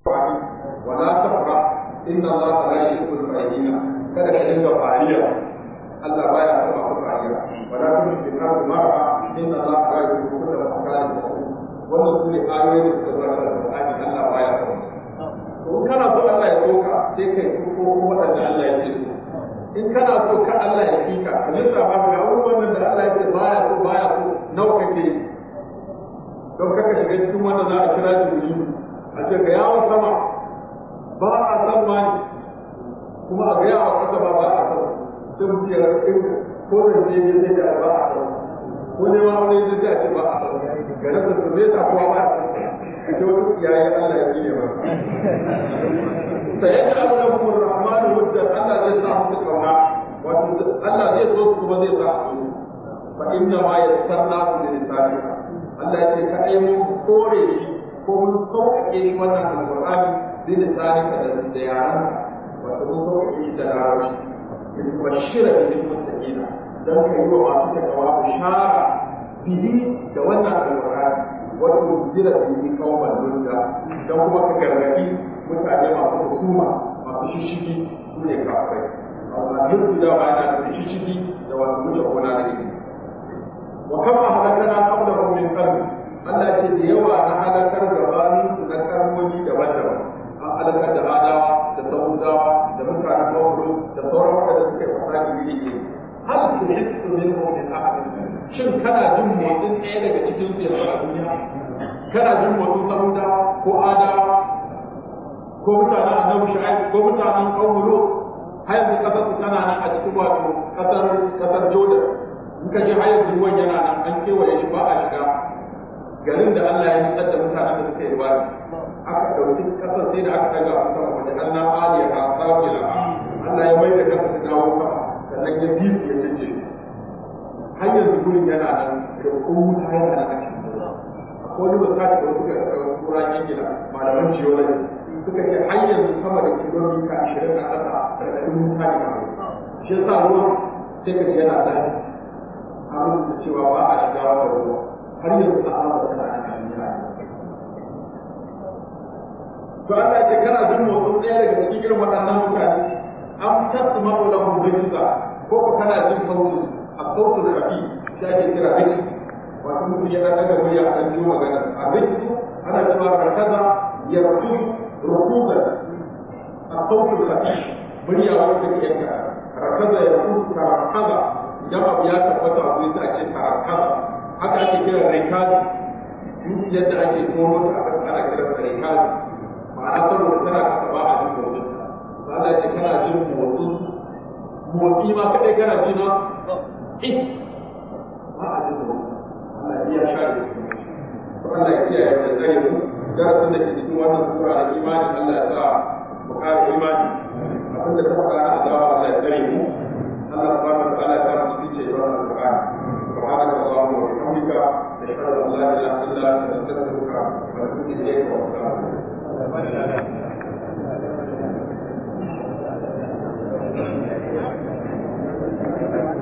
خوان ولا تفرح إن الله لا يحب الفرحين kada ka dinga fariya Allah baya son masu fariya wala kun shi ka mar'a in Allah ya yi kuma da makarin wannan su ne ayoyin da suka zama da Qur'ani Allah baya son in kana so Allah ya soka sai kai ko waɗanda Allah ya ce in kana so ka Allah ya fika ka lissafa ga abubuwan da Allah ya ce baya so baya so nawa kake yi don kaka shiga cikin wanda za a kira shi a ce ka yawon sama ba a san mani kuma a ga yawon kasa ba ba a san sai mu ce ko da ne ya ce ba a san ko ne ma wani ya ce ba a san ga nasa su ne ta kowa ba a san fito yayin Allah ya gine masa sai ya abu da kuma rahmanu wadda Allah zai sa su kauna wato Allah zai so su kuma zai sa su fa inna ma yassarna su da lisani Allah ya ce ka ai mun kore shi ko mun sauƙaƙe shi wannan alƙur'ani da lisani ka da yaran wato mun sauƙaƙe shi da larabci in bashira bil muttaqina dan kai wa masu takawa bishara bihi da wannan alƙur'ani wani mubzira da yake kawo manzonta don kuma ka gargaɗi mutane masu hukuma masu shishigi su ne kafirai amma yin da ba yana da shishigi da wasu wuce gona da yake wa kama halakana kabla hum min qarni Allah ce da yawa na halakar gabanin su na karmomi daban-daban an halakar da adawa da sabudawa da mutanen mawuru da sauran waɗanda suka yi fasaki iri ne hal su hisu min mu'min shin kana jin motsin ɗaya daga cikin su a duniya kana jin motsin samuda ko adawa ko mutanen annabi shu'aib ko mutanen qawlu har yanzu kasar su tana nan a cikin wato kasar kasar Jordan in ka ji har yanzu ruwan yana nan an kewaye shi ba a shiga garin da Allah ya nutsar da mutanen da suka yi ba aka ɗauki kasar sai da aka daga a sama wajen Allah aliya ha sabila Allah ya mai da kasar su dawo sama sannan ya bisu ya cece har yanzu gurin yana nan da kun wuta yana nan a cikin ko wani misali da suka kura ingila malaman geology suka ce har yanzu sama da kilomita ashirin a ƙasa raɗaɗin wuta ya a shi yasa ruwa sai ka ji yana zafi a rubuta cewa ba a shiga wata ruwa har yanzu a amurka tana a cikin to Allah ce kana jin motsin ɗaya daga cikin irin waɗannan mutane an tasu mako da mun ko kana jin sautin الصوت الرفيع شاكي كرا بيت وكم في أنا أنا ويا أنا اليوم أنا أبيت أنا كما ركض a ركوبا الصوت الرفيع murya wanda ke ka rakaza ya ku tarakaza idan abu ya tabbata a zuwa ake tarakaza haka ake kira rikazi duk yadda ake tono ta aka ana kira rikazi ma'ana saboda tana kasa ba a jin motsin ta za a ce kana jin motsin motsi ma kaɗai kana ji ma eh Allah ya kiyaye da tsare mu da wa ta'ala ya sa mu cikin cewa Thank you.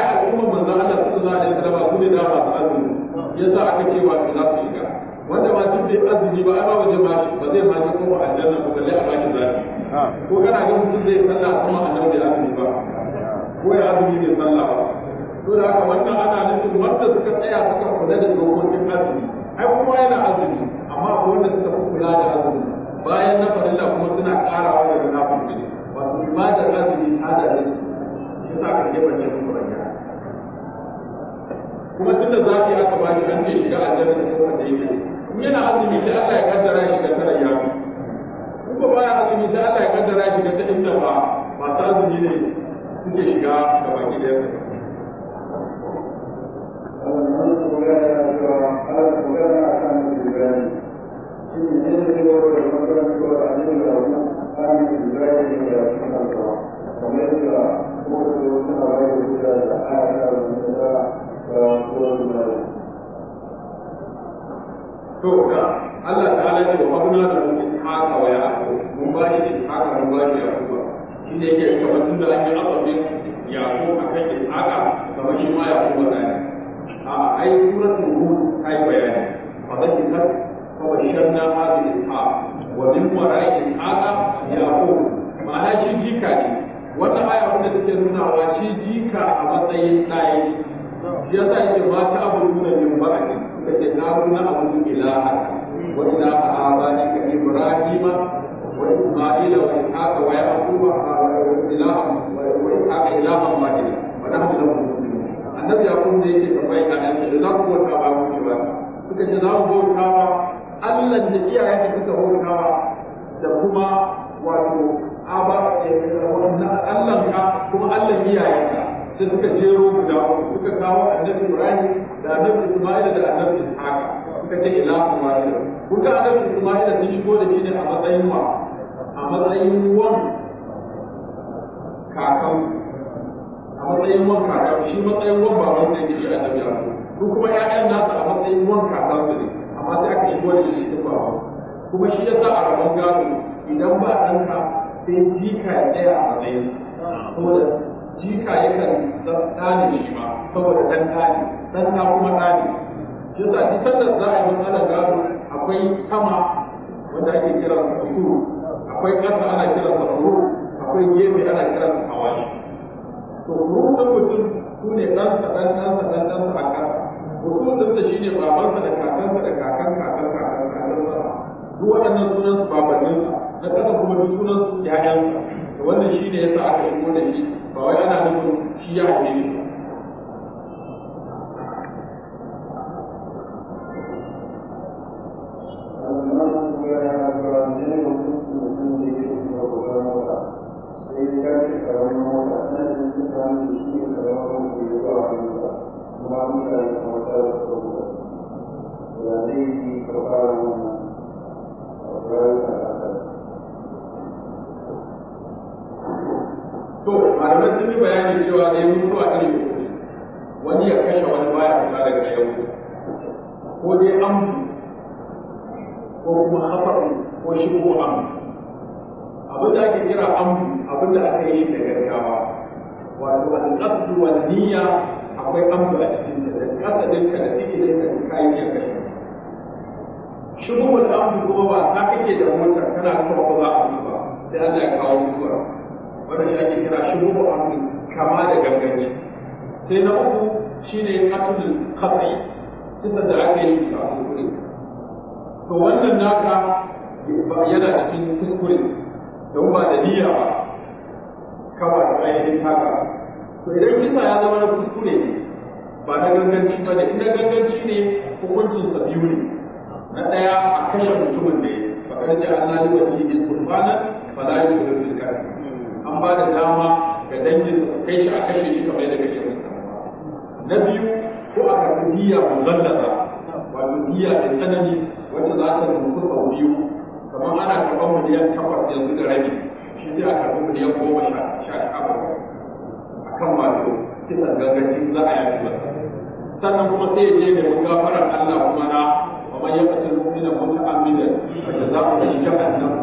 ai al'ummar manzon Allah sallallahu alaihi wasallam ku ne da masu azumi yasa aka ce wa za su shiga wanda ma duk bai azumi ba ai ba ma ba zai ma ji kuma aljanna ko balle a baki zafi ko kana ga mutum zai sallah kuma annabi bai azumi ba ko ya azumi bai sallah ba to da haka wannan ana nufin wanda suka tsaya suka kula da dokokin azumi ai kuma yana azumi amma wanda suka kula da azumi bayan na farilla kuma suna ƙarawa daga nafin wato ibadar azumi ta da ne yasa kan gefen gefen kuma tunda za ka yi aka ba shi an ce shiga aljanna da kuma da yake yana azumi da Allah ya kaddara shi ga tara ya in ba baya azumi da Allah ya kaddara shi ga ta inda ba masu azumi ne suke shiga ga baki da yasa Thank you. to ga Allah ta ala ce wa abuna da mun haka wa ya ko mun ba shi haka mun ba shi ya ko shi ne yake kamar tunda an yi ababin ya ko akan shi haka kamar shi ma ya ko ba ne a ai suratul hud kai bayani fa zaki kar fa basharna hadhihi ha wa min wara'i haka ya ko ma'ana shi jika ne wannan aya wanda take nuna wa shi jika a matsayin ɗaya ya sa yake ba ta abu Kuma min ba ne da ke abu na abu na ilaha wa ilaha abani ka ibrahim wa isma'ila wa ishaqa wa yaquba wa ilaha wa ishaqa ilaha wahida wa nahnu lahu muslimun annabi ya kun da yake ka a nan da ku wata ba ku ba suka ce za mu bauta Allah da iyayen da suka bauta da kuma wato aba eh, Allah ka kuma Allah iyayen ka sai suka jero guda suka kawo annabi Ibrahim da annabi Ismail da annabi Ishaq suka ce ila Ismail kun ga annabi Ismail shi shigo da shi ne a matsayin wa a matsayin wan kakan a matsayin wan kakan shi matsayin wan ba wani da yake shi annabi Ibrahim ko kuma ƴaƴan nasa a matsayin wan kakan su ne amma sai aka shigo da shi ba baba kuma shi yasa a rabon gado idan ba ɗanka sai jika ya tsaya a matsayin jika yakan tsani ne ma saboda dan tsani dan na kuma tsani shi yasa duk sanda za a yi matsalar gado akwai sama wanda ake kira su akwai ƙasa ana kira sa akwai gefe ana kira su kawai to ruhun mutum su ne dan ɗan dan dan ɗansa a ƙasa mutum ɗansa shine baban babansa da kakansa da kakan kakan kakan sa duk waɗannan sunan su babanninsa na ƙasa kuma duk sunan su ƴaƴansa to wannan shine yasa aka shigo da shi ba wai ana nufin shi ya hau ne Thank you. to malamai sun yi bayani cewa dai zuwa iri ne, wani ya kashe wani baya kuma daga yau ko dai an ko kuma hafa ko shi ko an abin da ake kira an abin da aka yi da gaggawa wato al-qasdu wa niyya akwai an a cikin da kasadin ka da kike da kai ya kashe shi kuma wani an kuma ba ta kake da motar kana kuma ba za a yi ba sai Allah ya kawo mutuwa wannan shi ake kira shubu amin kama da ganganci sai na uku shine qatlul qat'i kisan da aka yi a kuskure to wannan naka yana cikin kuskure don ba da niyya ba kawai da ainihin haka to idan kisa ya zama na kuskure ba na ganganci ba da ina ganganci ne hukuncin sa biyu ne na ɗaya a kashe mutumin ne fa kaje Allah ya wani bin qurbana fa la yu'minu kai shi a kashe shi kamar yadda kashe musu na biyu ko a karɓi diya muzallata wato diya da sanani wanda za ta rufu sau biyu kamar ana karɓar miliyan takwas yanzu da rabi shi sai a karɓi miliyan goma sha sha bakwai a kan wato kisan gangancin za a yafi masa sannan kuma sai ya je da gafarar Allah kuma na ومن يقتل مؤمنا متعمدا فجزاؤه جهنم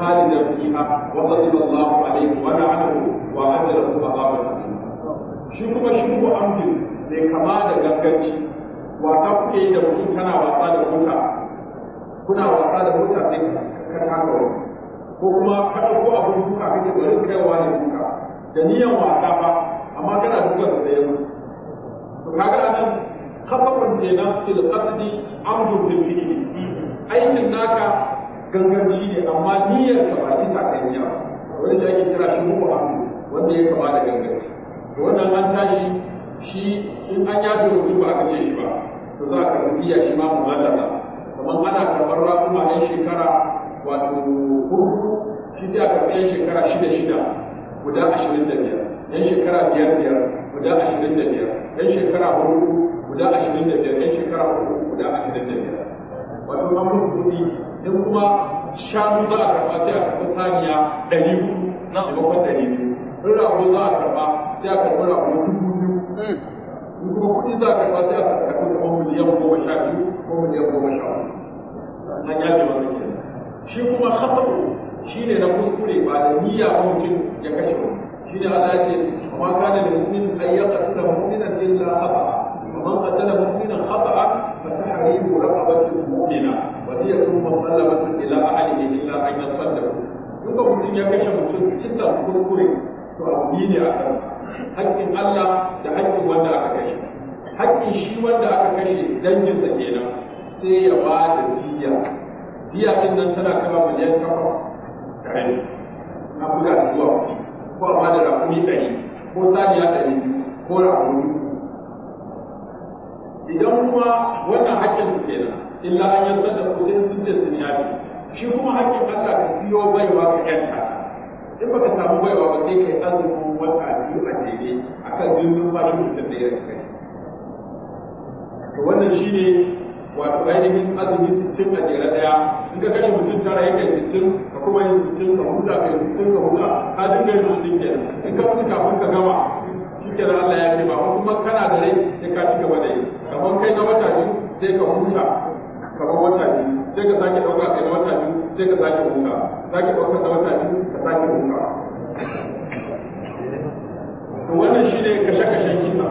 خالدا فيها وغضب الله ganganci wasa kuke yi da mutum kana wasa da mota kuna wasa da mota sai ka taka wani ko kuma ka ɗauko abin duka kake bari kaiwa ne duka da niyan wasa ba amma kana duka da tsaye to kaga anan khafafan kenan fil qasdi amdu bil fi'li aikin naka ganganci ne amma niyyar ka ba ta kai ya da ake kira shi mu'amala wanda ya kama da ganganci wannan an tashi shi in an ya fi mutu ba a kashe shi ba to za a karɓi biya shi ma mubalaga kamar ana karɓar raƙuma yan shekara wato hudu shi zai a karɓi yan shekara shida shida guda ashirin da biyar yan shekara biyar biyar guda ashirin da biyar yan shekara hudu guda ashirin da biyar yan shekara hudu guda ashirin da biyar wato mamun mutu kuɗi in kuma shanu za a karɓa sai a karɓi saniya ɗari hudu na maimakon ɗari biyu in rago za a karɓa sai a karɓi rago dubu Mm. kuɗi za ka fata ya ka kuɗi ko miliyan goma sha biyu ko miliyan goma shi kuma haɓar shi ne na kuskure ba da niyya ba mutum ya kashe wani shi ne Allah ce amma ka da mutum an ya ƙasar mu'minan illa haɓa kamar ƙasar mu'minan haɓa fa ta haribu raƙabatin mu'mina wasiyar sun masallamatun ila ahalihi illa an yasadda duk mutum ya kashe mutum kisan kuskure to ne a haƙƙin Allah da haƙƙin wanda aka kashe haƙƙin shi wanda aka kashe sa kenan sai ya ba da diya diya din nan tana kama miliyan takwas da rabi na buga zuwa ko a ba da rakumi ɗari ko saniya ɗari ko rakumi idan kuma wannan haƙƙin su kenan illa an yanzu da kudin sun ce sun yafi shi kuma haƙƙin Allah ka siyo baiwa ka yanta in baka samu baiwa ba sai kai azumi wata biyu a jere a kan jirgin ba da mutum da ya to wannan shi ne wato ainihin azumi sittin a jere ɗaya in ka kashe mutum tara sittin ka kuma yin sittin ka huta ka yi sittin ka huta ka dinga yin sittin in ka mutu kafin ka gama shi kenan Allah ya ce ba kuma kana da rai sai ka ci gaba da yi kamar kai na wata biyu sai ka huta kamar wata biyu sai ka sake ɗauka kai na wata biyu sai ka sake huta sake ɗauka na wata biyu ka sake huta wannan shi ne kashe-kashen kisa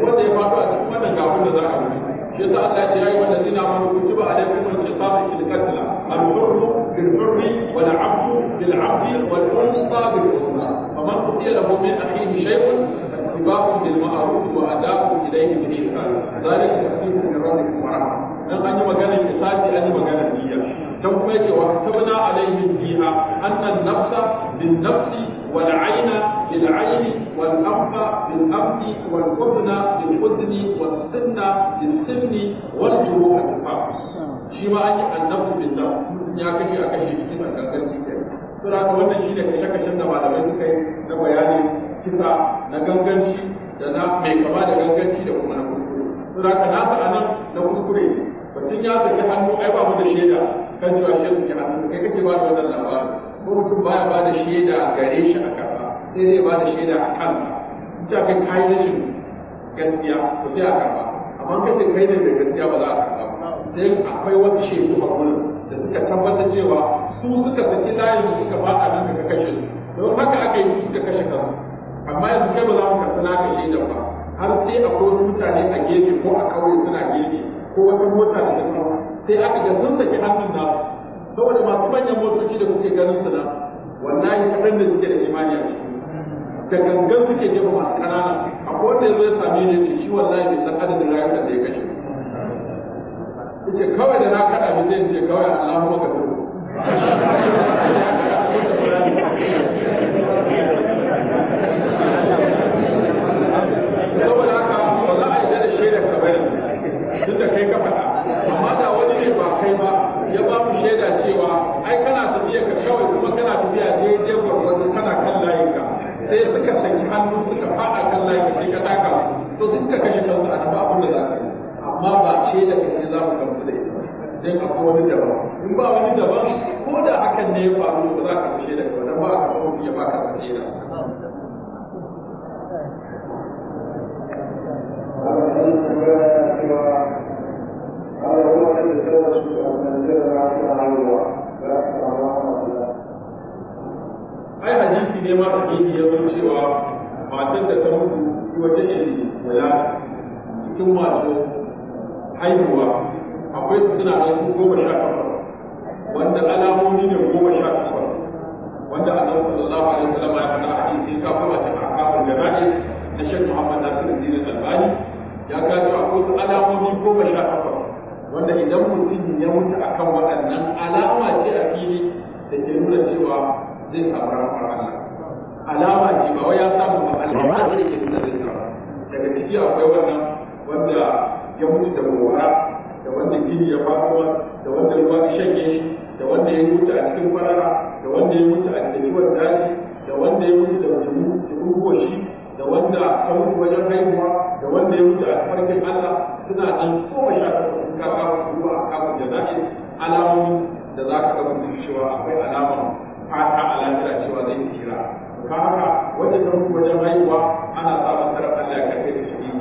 wanda ya faru a cikin wannan gafin da za a yi shi yasa Allah ya ce ya yi wannan zina ma hukunci ba alaikum wa qisasu fil qatl al hurru bil hurri wal abdu bil abdi wal unsa bil unsa faman qutiya lahu min akhihi shay'un اتباع بالمعروف واداء اليه بالاحسان ذلك تخفيف من ربكم ورحمه dan an yi maganar isaji an yi maganar niyya dan kuma yake wa katabna alaihim fiha anna an-nafsa bin-nafsi والعين بالعين والأنف بالأنف والأذن بالأذن والسن بالسن والجروح الفاس شيما أن النفس بالنفس يا كشي أكشي cikin gangan cikin sura ka wannan shi ne kashe-kashen da malamai suka yi na bayanin kisa na ganganci da na mai kama da ganganci da kuma na kuskure sura ka na faɗa nan na kuskure mutum ya hannu ai ba shaida kan kai ba da wannan ko mutum baya ba da shaida gare shi a karba sai zai ba da shaida a kan ta kai kai shi gaskiya ko sai a karba amma da kai ne gaskiya ba za a karba sai akwai wasu shaidu a gurin da suka tabbatar cewa su suka saki layin suka ba a nan daga kashe su don haka aka yi suka kashe kansu amma yanzu kai ba za mu karɓi naka da ba har sai akwai wasu mutane a gefe ko a kauye suna gefe ko wata mota da ta sai aka ga sun saki hannun nasu saboda masu manyan motoci da kuke ganin su nan wallahi kaɗan da suke da imani a ciki da gangan suke jefa masu ƙanana a kowanne zai sami ne shi wallahi bai san adadin rayuwar da ya kashe ce kawai da na kaɗa mu zai ce kawai Allahumma ka tuku ke da kace za mu kamfu da ita dan akwai wani daban in ba wani daban ko da hakan ne ya faru ba za ka fushe da ka ba ka kawo ya ba ka fushe da ai hadisi ne ma hadisi ya zo cewa matan da ta mutu wata ilmi wala cikin masu haihuwa akwai su suna nan goma sha wanda alamomi ne goma sha wanda wanda annabi sallallahu alaihi wasallam ya faɗa a hadisi ka kuma ta akafin jana'i na shek Muhammad Nasiruddin Albani ya ga cewa akwai su alamomi goma sha wanda idan mutum ya mutu akan waɗannan alama ce a fili da ke nuna cewa zai samu rahmar Allah alama ce ba wai ya samu ba alama ne da ke nuna zai samu daga ciki akwai wannan wanda ya mutu da gobara da wanda gini ya faruwa, da wanda ruwa ya shanye da wanda ya mutu a cikin farara da wanda ya mutu a cikin daji da wanda ya mutu da mutu da shi, da wanda ya mutu wajen haihuwa da wanda ya mutu a farkin Allah suna nan goma sha takwas ka ruwa a kafin jana'i alamomi da za ka ga mutum cewa akwai alamar fata a lafiya cewa zai tsira ka haka wajen wajen haihuwa ana samun tsarar Allah ya karfe da shi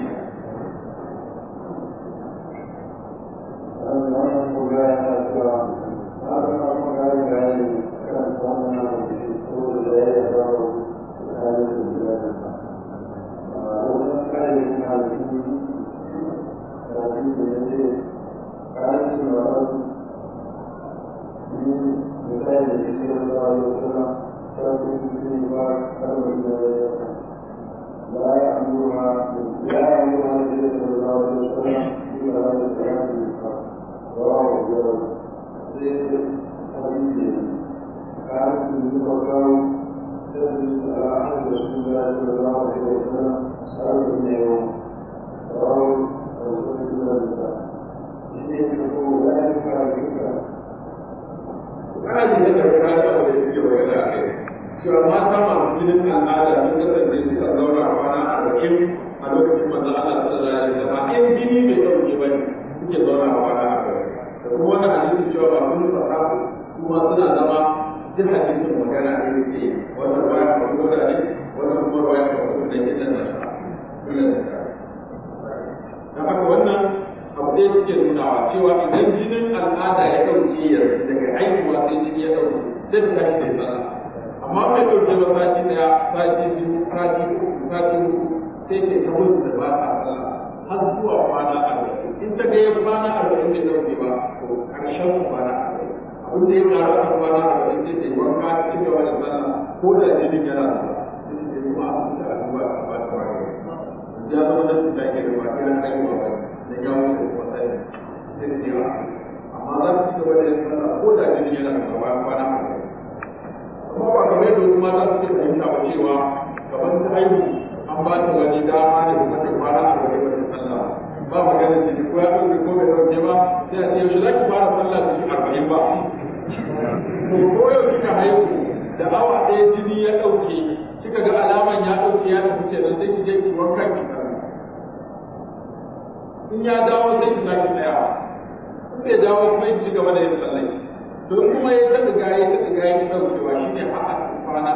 in ya dawo sai ki zaki tsaya in bai dawo kuma yin cigaba da yin sallah in kuma ya ta riga ya ta riga yin ta wucewa shi ne har a kwana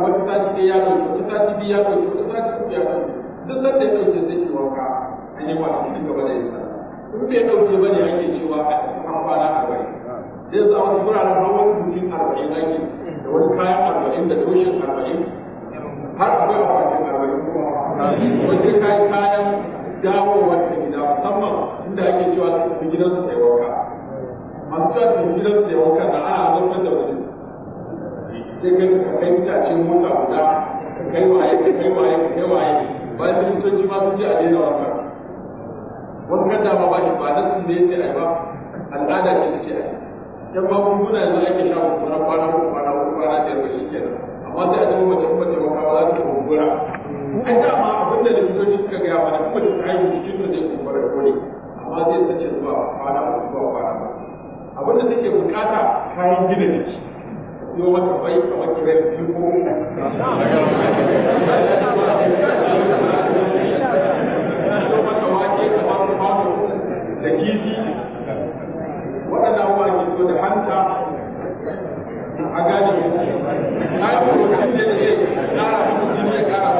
wata sati ɗaya ya ɗauki wata sati biyu ya ɗauki wata sati uku ya ɗauki duk sanda ya ɗauke sai ki waka an yi wasu ci gaba da yin sallah in bai ɗauke ba ne ake cewa a cikin kwana arba'in zai za wasu kuma wani mutum arba'in ake da wani kayan arba'in da toshin arba'in har akwai akwatin arba'in kuma wani kayan dawowar da ke musamman inda ake cewa su gidan su wanka masu cewa su gidan su wanka na ana zaunar da wajen sai kai ka kai itacen mota guda kai waye ka kai waye ka kai waye bayan likitoci ma sun je a daina wanka wankan da ma ba shi ba nan sun da yake ai ba al'ada ce take ai yan magunguna yanzu ake sha kwana kwana kwana kwana biyar ba shi kenan amma sai a ce mace kuma taimakawa za ta kumbura a dama abin da likitoci suka gaya mana kuma da kayan da kuma da amma zai sace zuwa kwana fara zuwa kwana ba abin da take bukata kayan gina jiki sai wata bai a wata bai biyu ko da kifi waɗanda abubuwa ke so da hanta a na yi kuma ke jini ya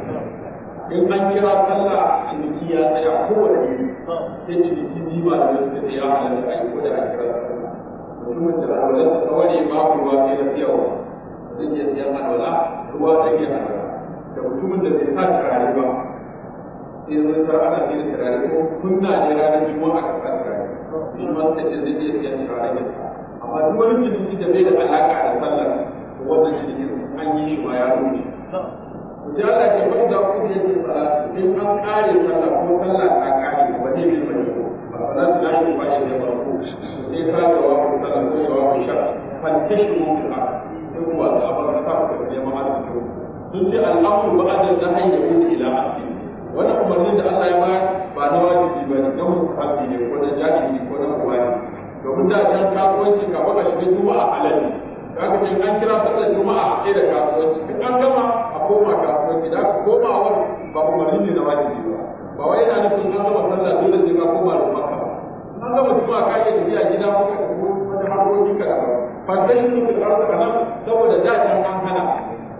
in an kira ciki ciniki ya tsaya kowane iri sai ciniki jiba da wasu da ya halatta a yi ko da an kira mutumin da alwala ta ba babu ba sai na siyarwa zai iya siyan alwala ruwa zai iya alwala da mutumin da bai sa turare ba sai zai sa ana siyan turare ko sunna ne ranar juma'a ka sa turare shi ma sai da zai iya siyan turare ya sa amma duk wani ciniki da bai da alaƙa da sallah wannan ciniki an yi shi ma ya rufe sai Allah ke ba da ku ne ce sala in an kare sallah ko sallah ta kare ba ne ne ba ne ba sala ta yi ba ne ba ku sai ka ga wa ku sallah ko wa ku shar fal tashu ku sai ku ba da ta ku ne ma Allah ku sun ce Allahu ba'da da hayyu ila abdi wannan umarnin da Allah ya ba ba na wajibi ba ne na mutabbi ne ko na jahili ko na kuwa domin da can kasuwanci ka baka shi a halali kaga kin an kira sallar juma'a sai da kasuwanci duk an gama koma kasuwar gida ka koma wani ba umarni ne na wajibi ba ba wai yana nufin na zama sallah dole ne ka koma da maka na zama zuwa ka iya tafiya gida ko ka tafi wata harkokin ka daban fantashin sun fi ƙarfi a nan saboda da can an hana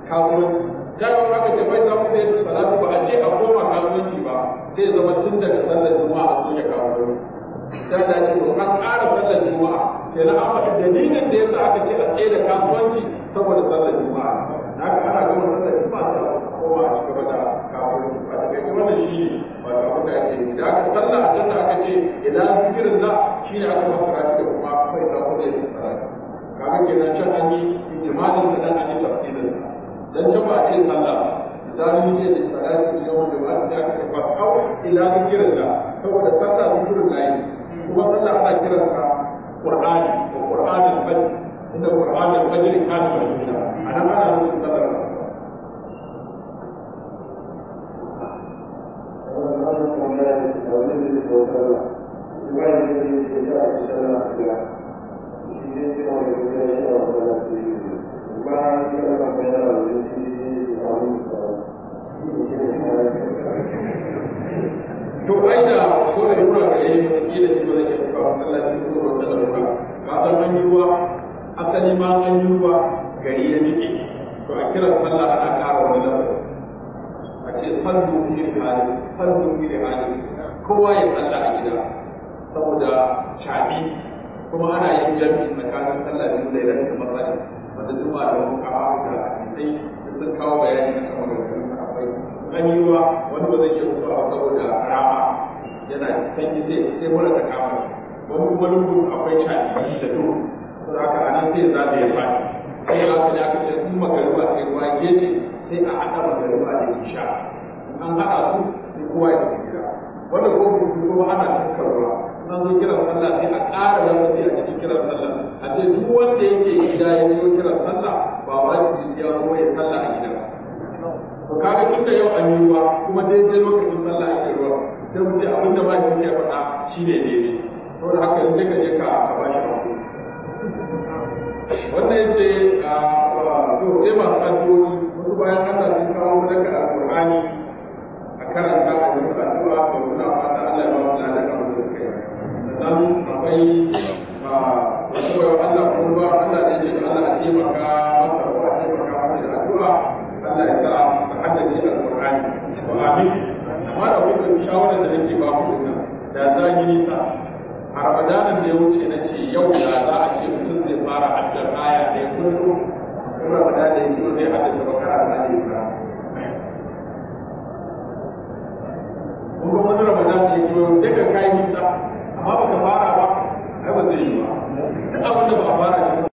kasuwar da yau aka ce bai samu sai da salatu ba a ce a koma kasuwanci ba zai zama tun daga sallar juma'a sun ya kawo da da ce ko an ƙara sallar juma'a kenan amma faɗi dalilin da yasa aka ce a tsaye da kasuwanci saboda sallar juma'a da haka ana gama sallar juma'a da kowa a cikin wata, kafin ba ta kai wannan shi ne ba ta abin da ce. da aka sallah a can aka ce idan zikirin da shi ne aka fasara shi da kuma kai za ku zai fasara kaga kenan can an yi ijimalin da nan an yi tafsirin dan can ba a ce sallah zalimi ne da salati ne wanda ba ta aka ba kawai ila zikirin da saboda sallah zikirin da yi kuma sallah ana kiransa qur'ani ko qur'anul fajr inda qur'anul fajr kana majnuna Kita Kita akan akan Allah'a emanet olun. Allah'a emanet olun. Allah'a emanet olun. malamai sun kawo bayani a kan maganganun sahabbai an yi wani ba zai iya mutuwa saboda rama yana sanyi sai sai mura ta kama wani wani gudu akwai shafi da duk sun haka a nan sai za ta yi fadi sai ya aka aka ce in magaruwa sai ruwa gefe sai a haɗa magaruwa da isha an haɗa su sai kowa ya tafi gida wanda ko kuma ana cikin ruwa an zo kiran sallah sai a ƙara wani sai a cikin kiran sallah a ce duk wanda yake gida ya zo kiran sallah ba wajibi ya zo ya sallah a gida ba to kaga tunda yau an yi ruwa kuma daidai lokacin sallah ake ruwa sai mu ce abin da ba shi ke faɗa shine daidai saboda haka in ka je ka ba shi wannan ya ce ah, to sai masu addu'o'i wasu bayan Allah sun kawo daga alƙur'ani a karanta a yi addu'a to muna fata Allah ya ba dan akwai ba ah, wasu Allah kuma Allah da yake Allah ya taimaka masa wa taimaka masa da addu'a Allah ya sa ka haddace alqur'ani wa amin amma da wani shawara da nake ba ku da za ki nisa a ramadanan da ya wuce na ce yau da za a ce mutum zai fara haddar aya da ya kullu kuma ramadanan da ya kullu zai haddace bakara da zai yi kuma wani ramadan da ya kullu duka kayan nisa amma baka fara ba ai ba zai yi ba duk abin da ba a fara